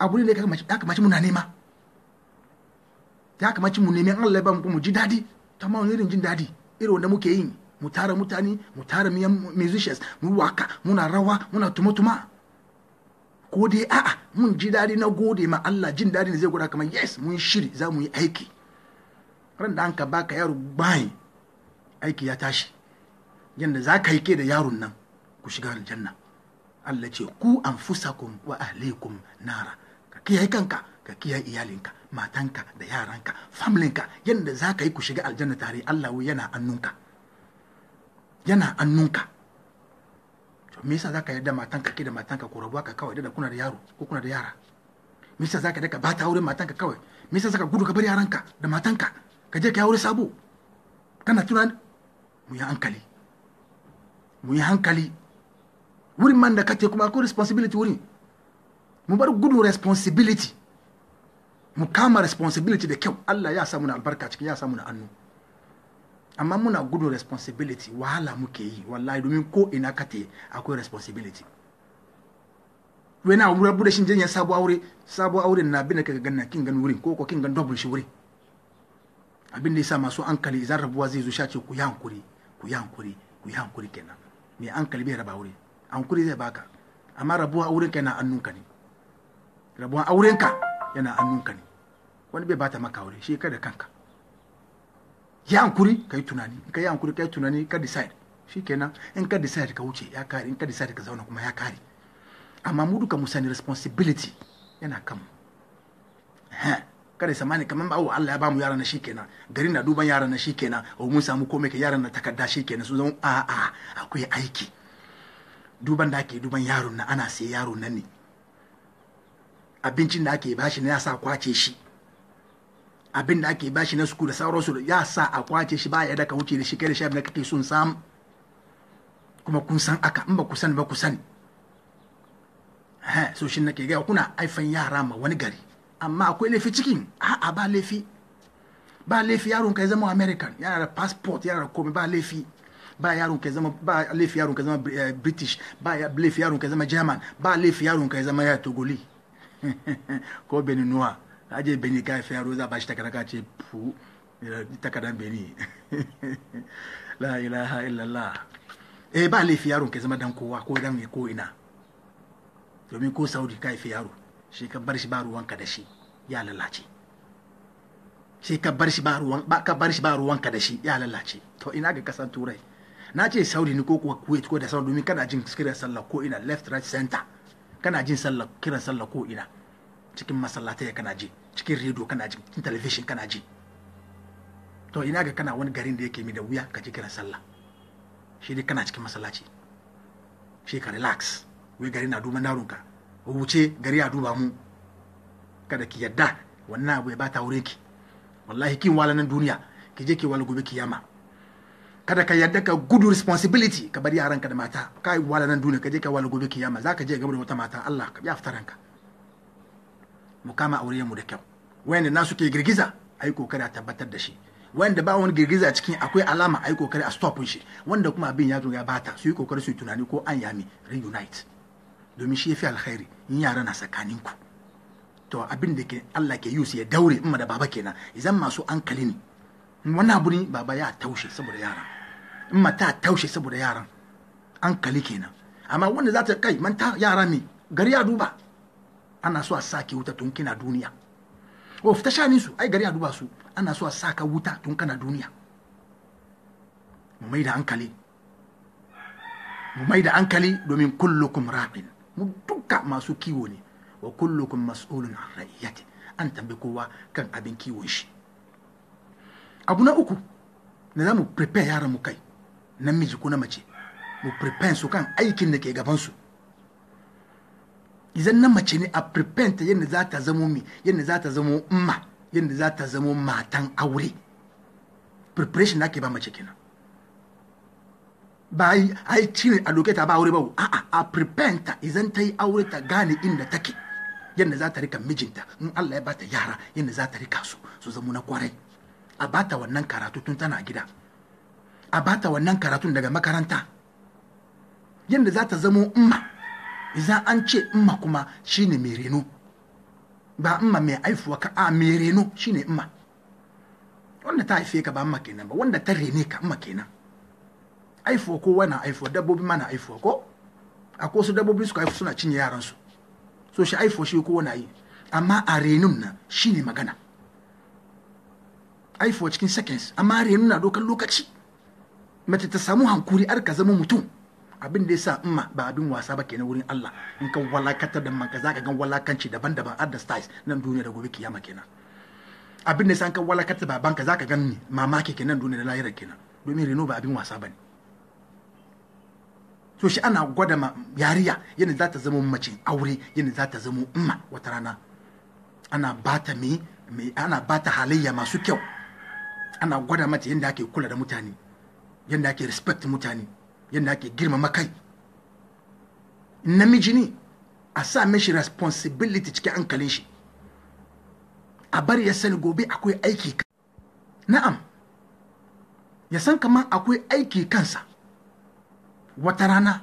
abu ne da ya kamaci muna nema ya kamaci mu neman Allah ba mu ji dadi ta ma wani irin jin dadi irin wanda muke yi mu tara mutane mu tara musicians mu waka muna rawa muna tumatuma ko dai a'a mun ji dadi na gode ma Allah jin dadi ne zai gura kamar yes mun shiri za mu yi aiki ran da an ka baka yaro bayan aiki ya tashi yadda za ka yi ke da yaron nan ku shiga aljanna Allah ce ku anfusakum wa ahlikum nara ka yi kanka ka kiyaye iyalinka matanka da yaranka familinka yadda za ka yi ku shiga aljanna tare Allah yana annunka yana annunka to me yasa za ka yarda matanka ke da matanka ku rabuwa ka kawai da kuna da yaro ko kuna da yara me yasa za ka daka ta aure matanka kawai me yasa ka gudu ka bar yaranka da matanka ka je ka yi aure sabo kana tunan mu yi hankali mu yi hankali wurin man da kake kuma akwai responsibility wurin mu bar gudu responsibility mu kama responsibility da kyau Allah ya samu na albarka cikin ya samu na annu amma muna gudu responsibility wahala muke yi wallahi domin ko ina ka akwai responsibility wani na bude da shi janye sabu aure sabu aure na bin da kaga ganna kin gan wurin ko ko kin gan double shi wurin abin da yasa masu ankali zan rabuwa zai zo shace ku yankuri ku yankuri ku yankuri kenan me ankali bai raba aure zai baka amma rabuwa auren kenan ka ne rabuwan aurenka yana hannunka ne wani bai bata maka aure shi kai da kanka yi hankuri ka yi tunani in ka yi hankuri ka yi tunani ka decide shi kenan in ka decide ka wuce ya kare in ka decide ka zauna kuma ya kare amma mu duka mu sani responsibility yana kanmu kada samani kamar ba Allah ya bamu yara na shikenan gari na duban yara na shikenan o mun samu komai ka yaran na takarda shikenan su zama a a akwai aiki duban da ake duban yaron na ana sai yaro na ne abincin da ake bashi na ya sa kwace shi abin da ake bashi na suku da sauransu ya sa a kwace shi ba ya da ka wuce da shi kai da shi abin kake son sam, kuma kun san aka in ba ku sani ba ku sani so shi nake gaya kuna aifan yara ma wani gari amma akwai laifi cikin a ba laifi ba laifi yaron ka zama american yana da passport yana da komai ba laifi ba yaron ka zama ba laifi yaron ka zama eh, british ba laifi yaron ka zama german ba laifi yaron ka zama ya eh, togoli ko beni nuwa aje beni kai fa yaro za ba shi takarda ka ce fu takardan beni la ilaha illallah e ba le fi yaron ke zama dan kowa ko dan ko ina domin ko saudi kai fi yaro shi ka bar shi ba ruwan ka da shi ya lalace shi ka bar shi ba ruwan ba ka bar shi ba ruwan ka da shi ya lalace to ina ga kasan turai na ce saudi ni ko kuwa kuwait ko da saudi domin kana jin kiran sallah ko ina left right center kana jin sallah kiran sallah ko ina cikin ya kana ji cikin rediyo kana ji cikin talabishin kana ji to ina ga kana wani garin da yake mai da wuya ka ji kiran sallah shi dai kana cikin masallaci shi ka relax wai gari na duban darunka wuce gari ya duba mu kada ki yadda wannan abu ya bata wurin ki wallahi kin wala nan duniya ki je ki wala gobe kiyama kada ka yarda ka gudu responsibility ka bari yaranka da mata ka yi wala nan duniya ka je ka wala gobe kiyama za ka je gaba wata mata Allah ka ya fitaranka mu kama aure mu da kyau wanda nasu ke girgiza ai kokari a tabbatar da shi wanda ba wani girgiza a cikin akwai alama ai kokari a stopin shi wanda kuma abin ya zo ya bata su yi kokari su yi tunani ko an yami reunite domin shi yafi alkhairi in yara na tsakaninku to abin da ke Allah ke yi su ya daure in da baba kenan idan masu ankali ne wannan abu ne baba ya taushe saboda yaran in mata taushe saboda yaran an kali kenan amma wanda za ta kai manta yara ne gari ya duba ana so a sa ke wuta tun kina duniya o fita sha su ai gari ya duba su ana so a sa ka wuta tun kana duniya mu mai da hankali mu mai da hankali domin kullukum ra'in mu duka masu kiwo ne wa kullukum mas'ulun an an tambi kowa kan abin kiwon shi abu na uku na za mu prepare yaran mu kai namiji ko na mace mu prepare su kan aikin da ke gabansu idan na mace ne a prepare ta yadda za ta zamo mi yadda za ta zamo umma yadda za ta zamo matan aure preparation da ke ba mace kenan ba a yi cire a loketa ba aure ba a'a a prepare ta idan ta yi aure ta gane inda take yadda za ta rika mijinta in Allah ya bata yara yadda za ta rika su su zamo na kwarai a bata wannan karatu tun tana gida a bata wannan karatun daga makaranta yadda za ta zamo umma za an ce umma kuma shine mai reno ba umma mai haifuwa ka a mai reno shine umma wanda ta haife ka ba umma kenan ba wanda ta rene ka umma kenan haifuwa ko na haifuwa dabbobi ma na haifuwa ko ko wasu dabbobi suka haifu suna cinye yaransu so shi haifuwa shi ko na yi amma a renin nan shine magana haifuwa cikin seconds amma reno na dokar lokaci mace ta samu hankuri ar ka zama mutum abin da yasa umma ba abin wasa ba kenan wurin Allah in ka walakatar da manka zaka gan walakanci daban-daban at styles nan duniya da gobe kiyama kenan abin da yasa ka walakatar babanka zaka gan mamaki kenan duniya da lahira kenan domin reno ba abin wasa bane so shi ana gwada ma yariya yana za ta zama mace aure yana za ta zama umma wata rana ana bata me ana bata halayya masu kyau ana gwada mata yadda ake kula da mutane yadda ake respect mutane yadda ake girmama kai namiji ne a sa mishi responsibility cikin hankalin shi a bari ya sani gobe akwai aiki na'am ya san kamar akwai aiki kansa wata rana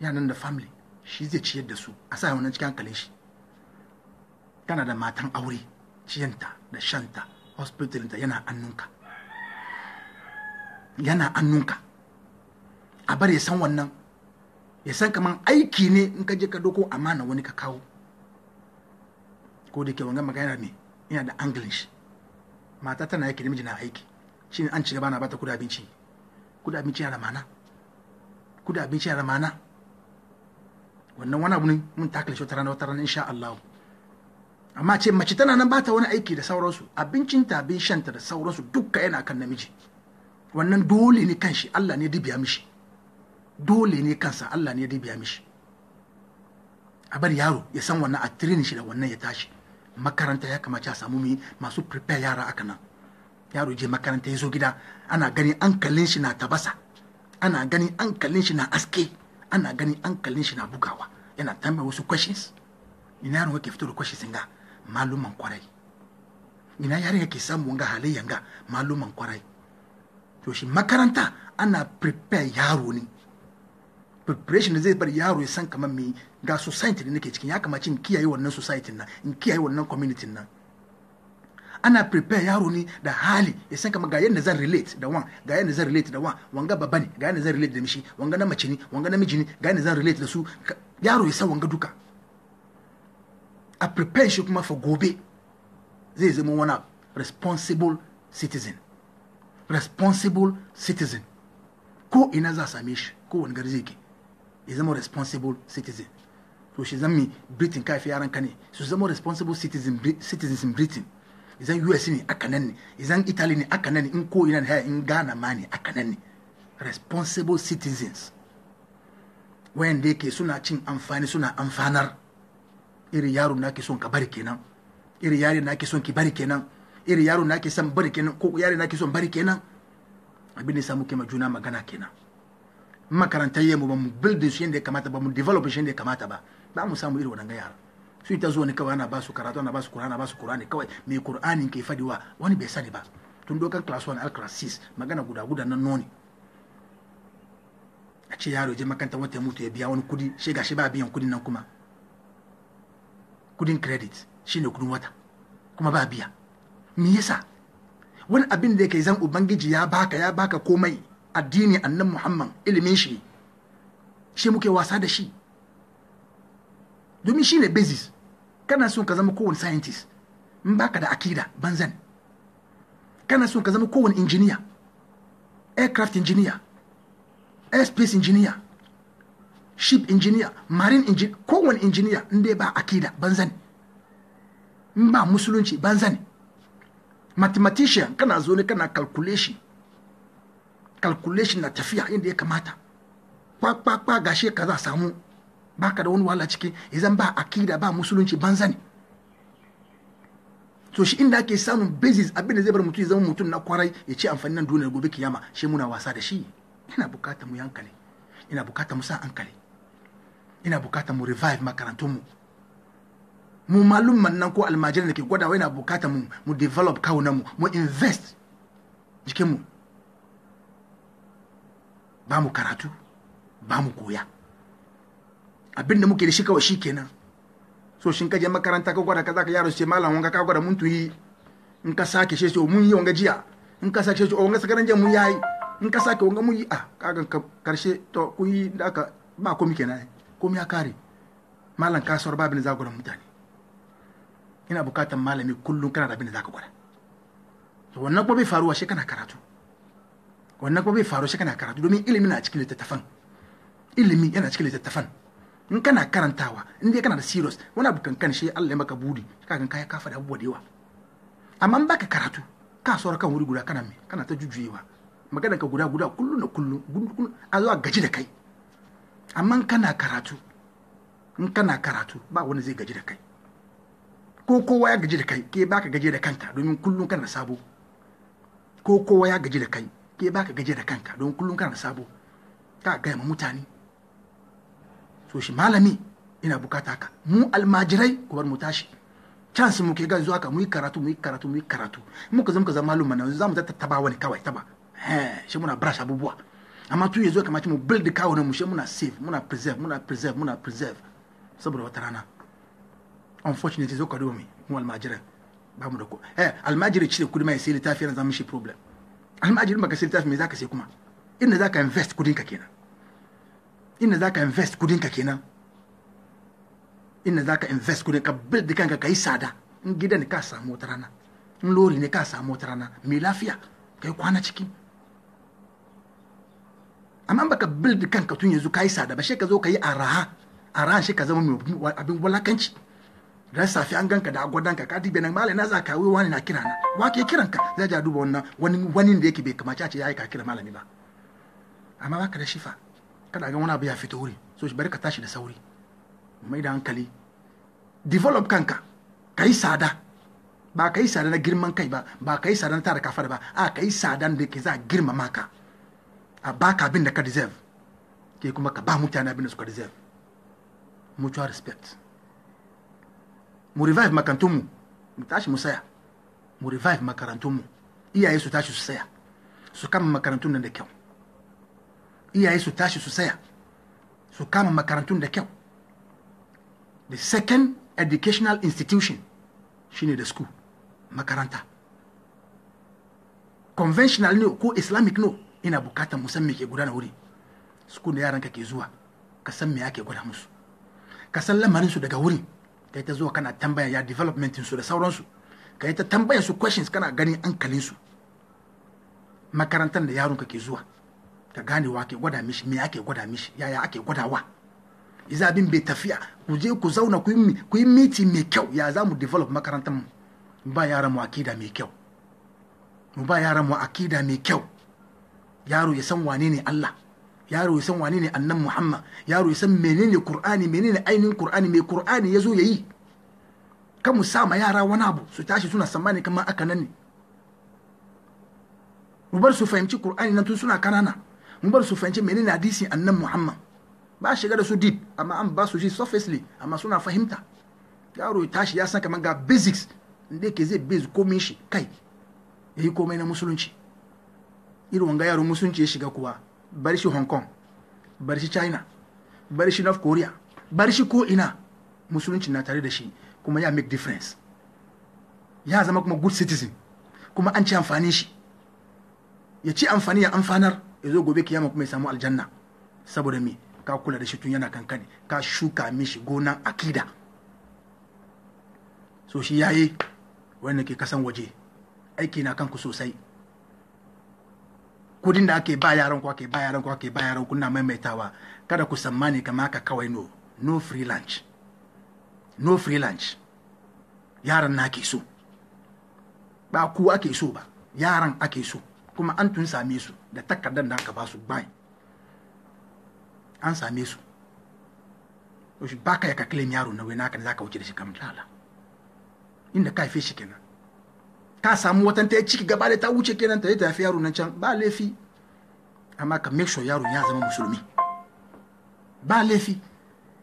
yanan da family shi zai ciyar da su a sa wannan cikin hankalin shi tana da matan aure ciyanta da shanta hospitalinta yana annunka yana annunka a bar ya san wannan ya san kaman aiki ne in ka je ka doko amana wani ka kawo ko da ke wanga magana ne ina da english mata tana aiki da miji na aiki shi ne an ci gaba na bata kuda abinci kuda abinci yana mana kuda abinci yana mana wannan wani abu ne mun takale shi wata rana wata rana insha Allah amma ce mace tana nan bata wani aiki da sauransu abincinta abin shanta da sauransu dukka yana kan namiji wannan dole ne kan shi Allah ne dibiya mishi dole ne kansa Allah ne dibiya mishi a bar yaro ya san wannan a tirin shi da wannan ya tashi makaranta ya kamata a samu masu prepare yara aka nan yaro je makaranta ya zo gida ana gani ankalin shi na tabasa ana gani ankalin shi na aske ana gani ankalin shi na bugawa yana tambaya wasu questions ina yaro yake fito da questions ga maluman kwarai ina yaron yake samu ga halayyan ga maluman kwarai to shi makaranta ana prepare yaro ne preparation da zai bar yaro ya san kamar me ga society da nake cikin ya kamace in kiyaye wannan society na in kiyaye wannan community na ana prepare yaro ne da hali ya san kamar ga yadda zan relate da wan ga yadda zan relate da wan wanga babba ne ga yadda zan relate da mishi wanga na mace ne wanga namiji ne ga yadda zan relate da su yaro ya san wanga duka a prepare shi kuma for gobe zai zama wani responsible citizen responsible citizen ko ina za a same shi ko wani gari zai ke ya zama responsible citizen to shi zan britain ka fi yaran ka ne su zama responsible citizen citizens in britain izan us ne aka nan ne izan italy ne aka nan ne in ko ina ne in ghana ma ne aka nan ne responsible citizens wanda yake suna cin amfani suna amfanar iri yaro na ke son ka bari kenan Iri yaro na ke son ki bari kenan iri yaro na ke son bari kenan ko yaro na ke son bari kenan abin ne samu kema juna magana kenan makarantar yemu ba mu build su yadda ya kamata ba mu develop shi yadda ya kamata ba ba mu samu iri wannan yara su ita zuwa ne kawai ana ba su karatu ana ba su qur'ani ana ba su qur'ani kawai me qur'ani ke fadiwa wani bai sani ba tun dokan class 1 al class 6 magana guda guda nan noni a ce yaro je makanta wata mutu ya biya wani kudi shi gashi ba biyan kudin nan kuma kudin credit shine kudin wata kuma ba biya me yasa wani abin da yake zan ubangiji ya baka ya baka komai addini annan muhammad ilimin shi shi muke wasa da shi domin shi ne basis kana son ka zama kowane scientist in baka da akida banzan kana son ka zama kowane injiniya aircraft engineer airspace engineer ship engineer marine engineer kowane engineer in dai ba akida banzan in ba musulunci banzan mathematician kana zo ne kana calculation calculation na tafiya inda ya kamata kwa gashi ka za samu baka da wani wala ciki idan ba akida ba musulunci banza ne to shi inda ake samun basis abin da zai bar mutum ya zama mutum na kwarai ya ce amfani nan duniyar gobe kiyama shi muna wasa da shi ina bukata mu yankale ina bukata mu sa ankale ina bukata mu revive makarantun mu mu malumman nan ko almajiri da ke gwada gwadawa yana bukata mu mu develop kawunan mu mu invest jikin mu ba mu karatu ba mu koya abinda muke da shi kawai shi kenan so shin kaje makaranta ka gwada kaza ka yaro ce malam wanga ka gwada mun tuyi in ka sake shi ce oh, mun yi wanga jiya in ka sake shi o oh, wanga sakaran jiya mun yayi in ka sake wanga mun yi ah kagan ka karshe to kun yi da aka ba komi kenan komi ya kare malam ka kasuwar babin zaguran mutane yana bukatar malami kullum kana rabin da zaka gwada to wannan kuma bai faruwa shi kana karatu wannan kuma bai faru shi kana karatu domin ilimi na cikin littattafan ilimi yana cikin littattafan in kana karantawa in dai kana da serious wani abu kan shi Allah ya maka budi ka kan kai ka fada abubuwa da yawa amma in baka karatu ka saura kan wuri guda kana me kana ta jujuyewa magana ka guda guda kullum da kullum kullum a zuwa gaji da kai amma kana karatu in kana karatu ba wani zai gaji da kai ko kowa ya gaji da kai ke baka gaji da kanka domin kullum kana da sabo ko kowa ya gaji da kai ke baka gaji da kanka don kullum kana da sabo ka gaya ma mutane so shi malami ina bukata ka mu almajirai ku bar mu tashi chance mu ke ga zuwa ka mu yi karatu mu yi karatu mu yi karatu muka zama ka zama malum mana za mu taba wani kawai taba eh shi muna brush abubuwa amma tun yanzu kamar kamata mu build kawo mu shi muna save muna preserve muna preserve muna preserve saboda wata rana unfortunately zo ka duba mai mu almajiran ba mu da ko eh almajiri cire kudi mai sai littafi yana zama shi problem almajirin baka sai littafi mai zaka sai kuma inda zaka invest kudin ka kenan inda zaka invest kudin ka kenan inda zaka invest kudin ka build kanka kai sada in gidan ka samu wata rana in lori ne ka samu wata rana mai lafiya kai kwana ciki amma baka build kanka tun yanzu kai sada ba sai ka zo ka yi araha arahan sai ka zama mai abin walakanci ran safi an ganka da agwadan ka dibe nan malai na za ka yi wani na kira na wa ke kiran ka zai ja duba wannan wani wani da yake bai kamace a y'a yi ka kira malami ba amma ka da shifa kada ga wani abu ya fito wuri so shi bari ka tashi da sauri mai da hankali develop kanka ka yi sada ba ka yi sada na girman kai ba ba ka yi sada na tara kafar ba a ka yi sada da ke za a girmama ka a abin da ka deserve ke kuma ka ba mutane abin da suka deserve mutual respect mu revive makarantunmu mu mu tashi mu saya mu revive mu iyaye su tashi su saya su kama makarantun nan da kyau iyaye su tashi su saya su kama makarantun da kyau the second educational institution shine da school makaranta conventional ne ko islamic no ina bukatar musan me ke gudana wuri school da ka ke zuwa ka san me ake gwada musu ka san lamarin su daga wurin kai ta zuwa kana tambaya ya development su da sauransu kai ta tambaya su questions kana gani hankalin su makarantar da yaron ka ke zuwa ka gane wa ke gwada mishi me ake gwada mishi yaya ake gwadawa iza bin bai tafiya ku je ku zauna ku yi miti mai kyau ya za mu develop makarantar mu ba yaran mu akida mai kyau mu ba yaran mu akida mai kyau yaro ya san wane ne Allah yaro ya san wane ne annan muhammad yaro ya san menene qur'ani menene ainihin kur'ani mai kur'ani ya zo ya yi kan mu ma yara wani abu su tashi suna tsammani kamar aka nan ne mu bar su fahimci kur'ani nan tun suna kanana mu su fahimci menene hadisi annan muhammad ba shiga da su deep amma an ba su shi surfacely amma suna fahimta yaro ya tashi ya san kamar ga basics inda yake zai base komin shi kai ya yi komai na musulunci irin wanga yaro musulunci ya shiga kuwa bar shi hong kong bar shi china bar shi north korea bar shi ko ina musulunci na tare da shi kuma ya make difference ya zama kuma good citizen kuma an ci amfani shi ya ci amfani ya amfanar ya zo gobe kiyama kuma ya samu aljanna saboda me ka kula da shi tun yana kankani ka shuka mishi gonan akida so shi yayi wanda ke kasan waje aiki na kanku sosai kudin da ake ba yaran ku ake ba yaran ku ake ba yaran ku na maimaitawa kada ku sammani kamar haka kawai no no free lunch no free lunch yaran na ke so ba ku ake so ba yaran ake so kuma an tun same su da takardar da aka ba su bayan an same su ba ka ya ka claim yaro na wai naka da za ka wuce da shi kamar lala inda ka haife shi kenan ta samu watan ta ya ciki gaba da ta wuce kenan ta yi tafi yaro nan can ba laifi amma ka make sure yaro ya zama musulmi ba laifi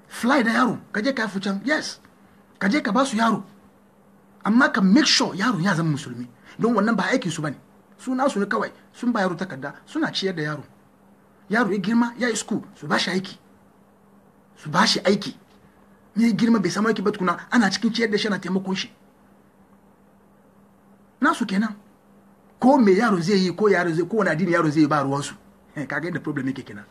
fly da yaro ka je ka fi can yes ka je ka ba su yaro amma ka make sure yaro ya zama musulmi don wannan ba aikin su bane na su ne kawai sun ba yaro takarda suna ciyar da yaro yaro ya girma ya yi school su ba shi aiki su ba shi aiki ne girma bai samu aiki ba tukuna ana cikin ciyar da shi ana taimakon shi su kenan ko me yaro zai yi ko yaro zai ko wani addini yaro zai yi ba ruwansu eh, kaga inda problem yake kenan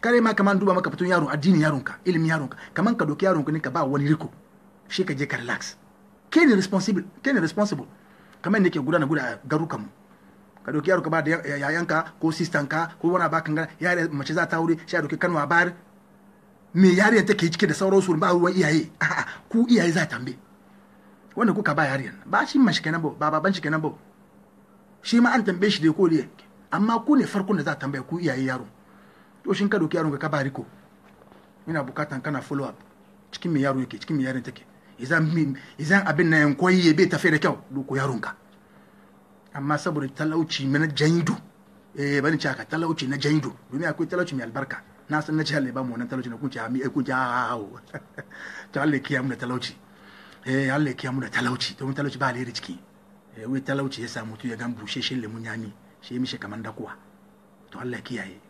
kare ma kaman duba maka fitun yaro addini yaronka ilimin ka kaman ka doki ka ne ka ba wani riko shi ka je ka relax ke ne responsible ke ne responsible kaman ne ke gudana guda garukan mu ka doki yaro ka ba da yayanka ko ka ko wani ba kan yare mace za ta wuri shi a doki kanwa bar me yare take cike da sauransu ba ruwan iyaye ku iyaye za tambaye wanda kuka ba yariya ba shi ma shi kenan ba ba baban shi kenan ba shi ma an tambaye shi da ko da amma ku ne farkon da za a tambaye ku iyaye yaro to shin ka doki yaron ka ba riko ina bukatan kana follow up cikin me yaro yake cikin me yaron take idan idan abin nan koyi ya bai tafi da kyau doko yaron ka amma saboda talauci na jaidu eh bani caka talauci na jaidu domin akwai talauci mai albarka na san na ci halle ba mu wannan talauci na kunci ha mi kunci ha ha ha to Allah ya kiyaye da talauci eh Allah ya mu da talauci domin talauci ba alheri ciki eh wai talauci ya samu tu ya gan bushe shin lemun yami shi ya mishi kaman dakuwa to Allah ya kiyaye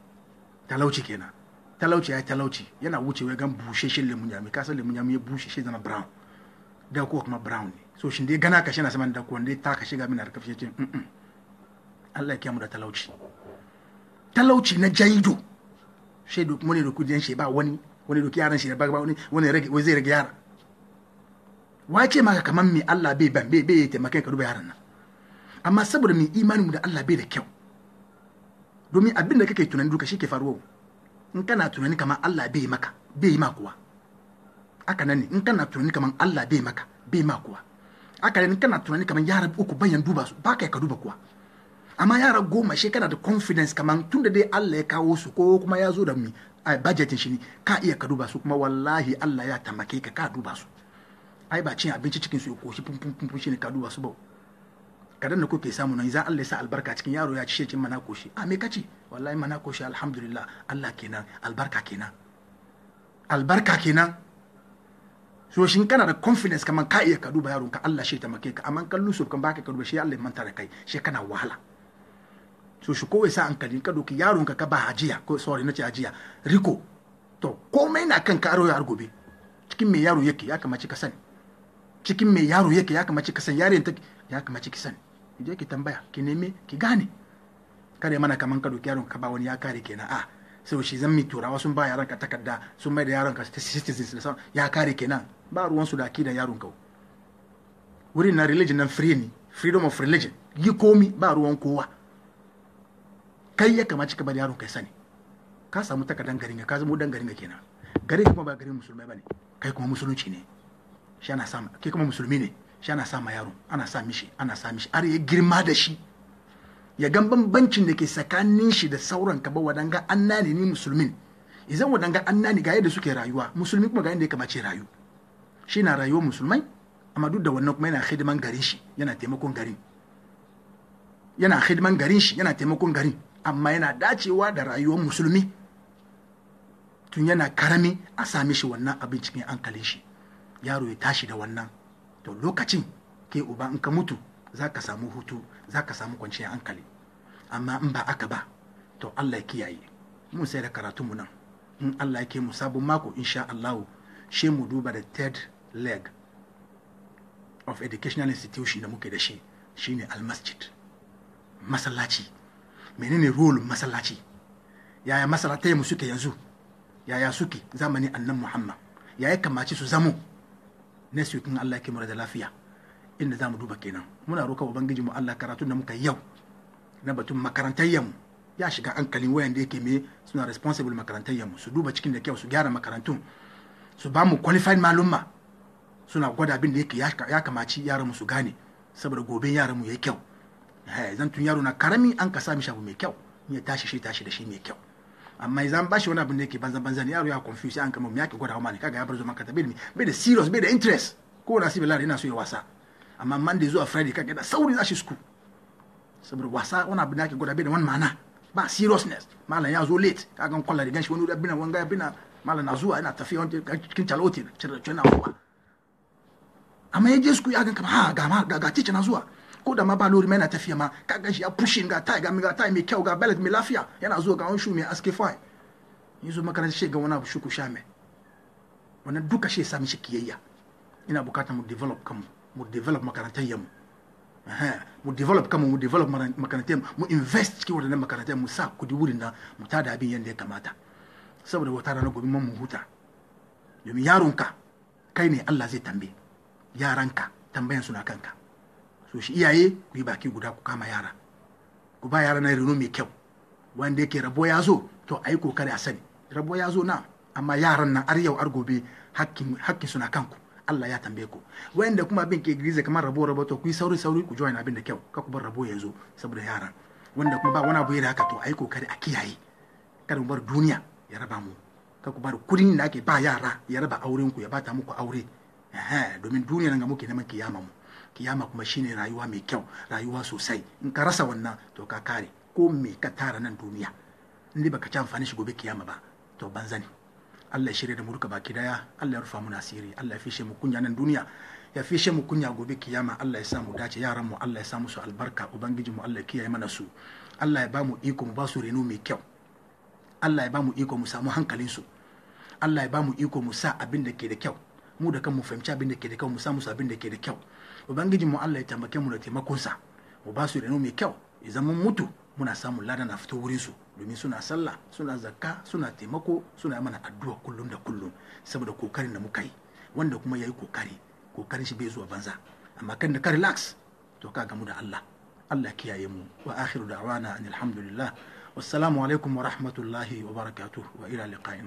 talauci kenan talauci ya talauci yana wucewa gan bushe shin lemun yami ka san lemun yami ya bushe shi zama brown ko kuma brown ne so shin dai gana kashe na saman dakuwa dai ta kashe ga mina da kafshe ce Allah ya mu da talauci talauci na jaido shaidu mu ne da kudin shi ba wani wani doki yaran shi da ba wani wani zai rage yara wace maka kaman mai Allah bai ban bai bai taimakai ka duba yaran nan amma saboda mai imanin da Allah bai da kyau domin abin da kake tunani duka shi ke faruwa in kana tunani kamar Allah bai maka bai ma kuwa aka nan ne in kana tunani kamar Allah bai maka bai ma kuwa haka nan in kana tunani kamar yara uku bayan duba su ba kai ka duba kuwa amma yara goma shi kana da confidence kamar tun da dai Allah ya kawo su ko kuma ya zo da mi budgetin shi ne ka iya ka duba su kuma wallahi Allah ya tamake ka ka duba su ai ba cin abinci cikin su ya koshi fumfumfumfum shi ne ka duba su bau kadan da kuke samu nan za Allah ya sa albarka cikin yaro ya ci shi cin mana koshi a me kace wallahi mana koshi alhamdulillah Allah kenan albarka kenan albarka kenan so shin kana da confidence kaman ka iya ka duba yaron ka Allah shi ta make ka amma kan lusuf kan baka ka duba shi Allah ya manta da kai shi kana wahala so shi kowai sa hankali ka doki yaron ka ka ba hajiya ko sorry ce hajiya riko to komai na kan ka aro ya argobe cikin me yaro yake ya kamace ka sani cikin mai yaro yake ya kamace ka san yaren take ya kamace ki sani je ki tambaya ki neme ki gane kare mana kaman ka doki yaron ka ba wani ya kare kenan a sai shi zan mi turawa sun ba yaron ka takarda sun mai da yaron ka citizens ya kare kenan ba ruwan su da akidan yaron ka wurin na religion nan free ne freedom of religion yi komi ba ruwan kowa kai ya kamace ka bar yaron ka sani ka samu takardan garin ka zama dan garin ka kenan garin kuma ba garin musulmai bane kai kuma musulunci ne shi ana sa ke kuma musulmi ne shi ana sa yaro ana sa mishi ana sa mishi har ya girma da shi ya gan bambancin da ke tsakanin shi da sauran ka ba wadanga an nani ni musulmin idan wadanga anna ne ga yadda suke rayuwa musulmi kuma ga yadda ya kamace rayu shi na rayuwar musulmai amma duk da wannan kuma yana hidiman garin shi yana taimakon garin yana hidiman garin shi yana taimakon garin amma yana dacewa da rayuwar musulmi tun yana karami a sami shi wannan abin cikin hankalin shi yaro ya tashi da wannan to lokacin ke uba in ka mutu za ka samu hutu za ka samu kwanciyar hankali amma in ba aka ba to Allah ya kiyaye mun sai da karatunmu nan in Allah ya ke mu sabon mako insha allahu shi mu duba da third leg of educational institution da muke da shi shine almasjid masallaci menene role masallaci yaya masallatai mu suke yanzu yaya suke zamani annan muhammad yaya kamace su zamo na week in Allah ke mara da lafiya inda zamu duba kenan muna roka bangiji mu Allah karatu da muka yau na batun makarantar yamu ya shiga hankalin wayan da yake me suna responsible makarantar yamu su duba cikin da kyau su gyara makarantun su ba mu qualified malumma suna gwada bin da yake ya kamaci yaran mu su gane saboda gobe yaran mu yayi kyau zan tun yaro na karami an ka sa mishi abu mai kyau ya tashi shi tashi da shi mai kyau amma izan bashi wani abin da yake yaro ya confuse anka mumi yake kwa mani kaga ya bar zuwa makata bai da serious bai interest ko na sibi lari yana so wasa ama monday zuwa friday kaga da sauri za shi school wasa ona abin da yake gwada bai da wani ba seriousness mala ya zo late kaga kwalla da ganshi wani da bina wanga bina mala na zuwa ina tafiya wani cikin chalotin cin chena fuwa ama yeje ya ya ga kama ha ga ga teacher na zuwa ko da ma ba lori mai na tafiya ma ka gan shi ya pushing ga tai ga mi ga tai mai kyau ga ballet mai lafiya yana zuwa ga wani shu mai aske fine in zo makaranta shi ga wani shuku sha mai wannan duka shi sami shi kiyayya ina bukata mu develop kanmu mu develop makarantar yamu mu develop kanmu mu develop makarantar mu invest cikin wadannan makarantar mu sa kudi wurin na mu tada abin yanda ya kamata saboda wata rana gobe mun mu huta domin yaronka kai ne Allah zai tambaye yaranka tambayan suna kanka to shi iyaye ku yi baki guda ku kama yara ku ba yara na reno mai kyau wanda yake rabo ya zo to a yi kokari a sani rabo ya zo na amma yaran nan har yau har gobe hakkin suna kanku Allah ya tambaye ku wanda kuma bin ke gize kamar rabo rabo to ku yi sauri sauri ku join abin da kyau ka ku bar rabo ya zo saboda yaran wanda kuma ba wani abu da haka to a yi kokari a kiyaye kada mu bar duniya ya raba mu ka ku bar kudin da ake ba yara ya raba auren ku ya bata muku aure domin duniya nan ga muke neman kiyama mu kiyama kuma shine rayuwa mai kyau rayuwa sosai in ka rasa wannan to ka kare ko me ka tara nan duniya in dai baka ci amfani shi gobe kiyama ba to banza ne Allah ya shirya da mu baki daya Allah ya rufa mu nasiri Allah ya fishe mu kunya nan duniya ya fishe mu kunya gobe kiyama Allah ya sa mu dace yaran mu Allah ya sa musu albarka ubangiji mu Allah ya kiyaye mana su Allah ya ba mu iko mu ba su reno mai kyau Allah ya ba mu iko mu samu hankalin su Allah ya ba mu iko mu sa abin da ke da kyau mu da kanmu fahimci abin da ke da kyau mu sa musu abin da ke da kyau ubangijin mu Allah ya taimake mu da taimakon sa mu ba su reno mai kyau idan mun mutu muna samun lada na fito wurin su domin suna sallah suna zakka suna taimako suna mana addu'a kullum da kullum saboda kokarin da muka yi wanda kuma yayi kokari kokarin shi bai zuwa banza amma kan da ka relax to ka gamu da Allah Allah kiyaye mu wa akhiru da'wana alhamdulillah wassalamu alaikum wa rahmatullahi wa barakatuh wa ila liqa'in